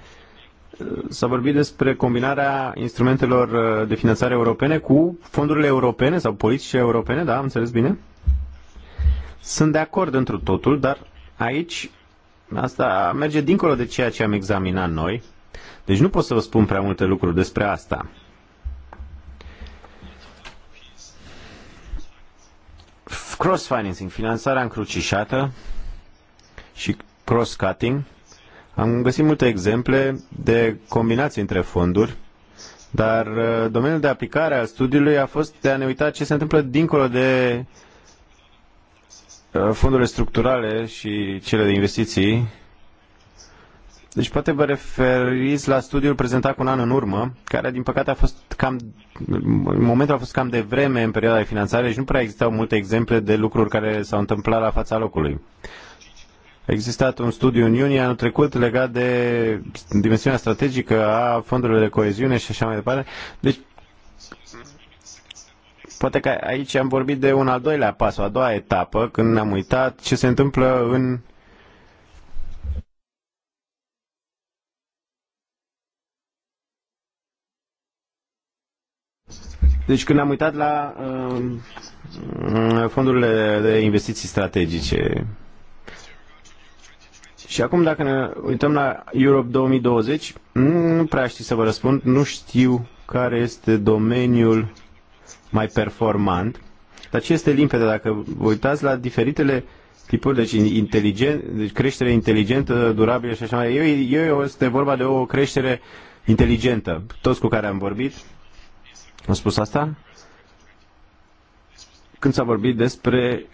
s-a vorbit despre combinarea instrumentelor uh, de finanțare europene cu fondurile europene sau politice europene, da, am înțeles bine? Sunt de acord într totul, dar aici asta merge dincolo de ceea ce am examinat noi. Deci nu pot să vă spun prea multe lucruri despre asta. Cross-financing, finanțarea încrucișată și cross-cutting – am găsit multe exemple de combinații între fonduri, dar uh, domeniul de aplicare al studiului a fost de a ne uita ce se întâmplă dincolo de uh, fondurile structurale și cele de investiții. Deci poate vă referiți la studiul prezentat cu un an în urmă, care din păcate a fost cam, în momentul a fost cam de vreme în perioada de finanțare și nu prea existau multe exemple de lucruri care s-au întâmplat la fața locului existat un studiu în iunie anul trecut legat de dimensiunea strategică a fondurilor de coeziune și așa mai departe. Deci, poate că aici am vorbit de un al doilea pas, o a doua etapă, când ne-am uitat ce se întâmplă în Deci când am uitat la uh, uh, fondurile de investiții strategice, și acum dacă ne uităm la Europe 2020, nu prea știu să vă răspund, nu știu care este domeniul mai performant, dar ce este limpede dacă vă uitați la diferitele tipuri, deci, inteligent, deci creștere inteligentă, durabilă și așa mai departe. Eu, eu este vorba de o creștere inteligentă. Toți cu care am vorbit, am spus asta, când s-a vorbit despre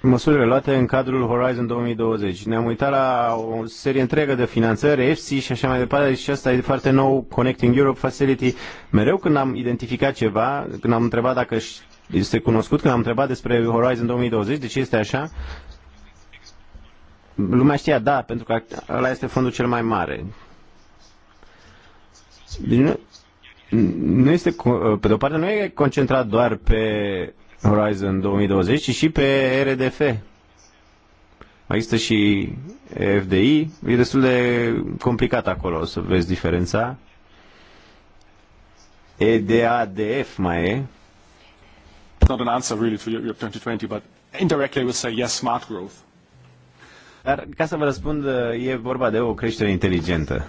măsurile luate în cadrul Horizon 2020. Ne-am uitat la o serie întreagă de finanțări, EFSI și așa mai departe și asta e foarte nou, Connecting Europe Facility. Mereu când am identificat ceva, când am întrebat dacă este cunoscut, când am întrebat despre Horizon 2020, de ce este așa, lumea știa, da, pentru că ăla este fondul cel mai mare. Deci nu, nu este, pe de o parte, nu e concentrat doar pe Horizon 2020 și, și pe RDF. Mai există și FDI. E destul de complicat acolo să vezi diferența. EDADF mai e. It's not an answer really for Europe 2020, but indirectly I would say yes, smart growth. Dar ca să vă răspund, e vorba de o creștere inteligentă.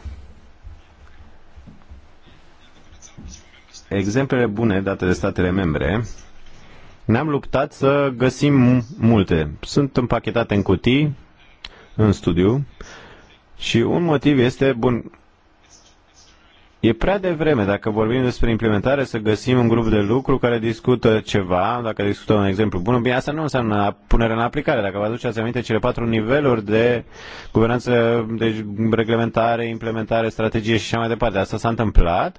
Exemplele bune date de statele membre ne-am luptat să găsim multe. Sunt împachetate în cutii, în studiu, și un motiv este, bun, E prea devreme, dacă vorbim despre implementare, să găsim un grup de lucru care discută ceva, dacă discută un exemplu bun, bine, asta nu înseamnă punerea în aplicare. Dacă vă aduceți aminte, cele patru niveluri de guvernanță, deci reglementare, implementare, strategie și așa mai departe, asta s-a întâmplat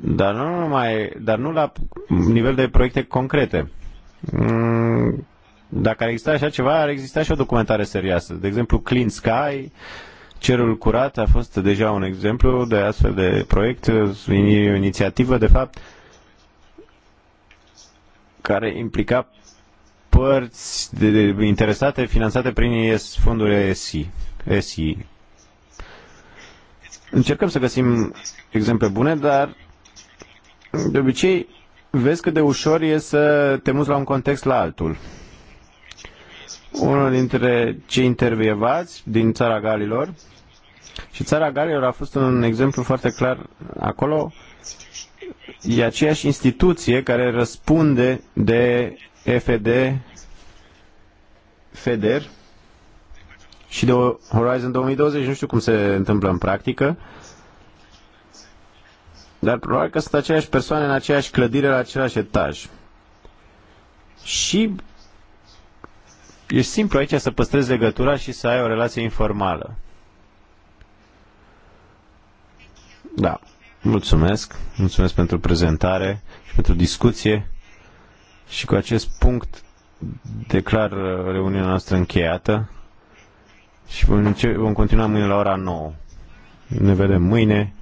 dar nu, numai, dar nu la nivel de proiecte concrete. Mm, dacă ar exista așa ceva, ar exista și o documentare serioasă. De exemplu, Clean Sky, Cerul Curat a fost deja un exemplu de astfel de proiect, o inițiativă, de fapt, care implica părți de, de, interesate finanțate prin ES, fonduri ESI. ESI. Încercăm să găsim exemple bune, dar de obicei vezi cât de ușor e să te muți la un context la altul. Unul dintre cei intervievați din țara Galilor, și țara Galilor a fost un exemplu foarte clar acolo, e aceeași instituție care răspunde de FD, FEDER și de Horizon 2020, nu știu cum se întâmplă în practică, dar probabil că sunt aceeași persoane în aceeași clădire, la același etaj. Și e simplu aici să păstrezi legătura și să ai o relație informală. Da. Mulțumesc. Mulțumesc pentru prezentare și pentru discuție. Și cu acest punct declar uh, reuniunea noastră încheiată și vom, vom continua mâine la ora 9. Ne vedem mâine.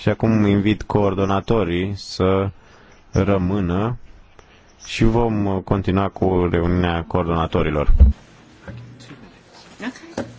Și acum invit coordonatorii să rămână și vom continua cu reuniunea coordonatorilor.
Okay.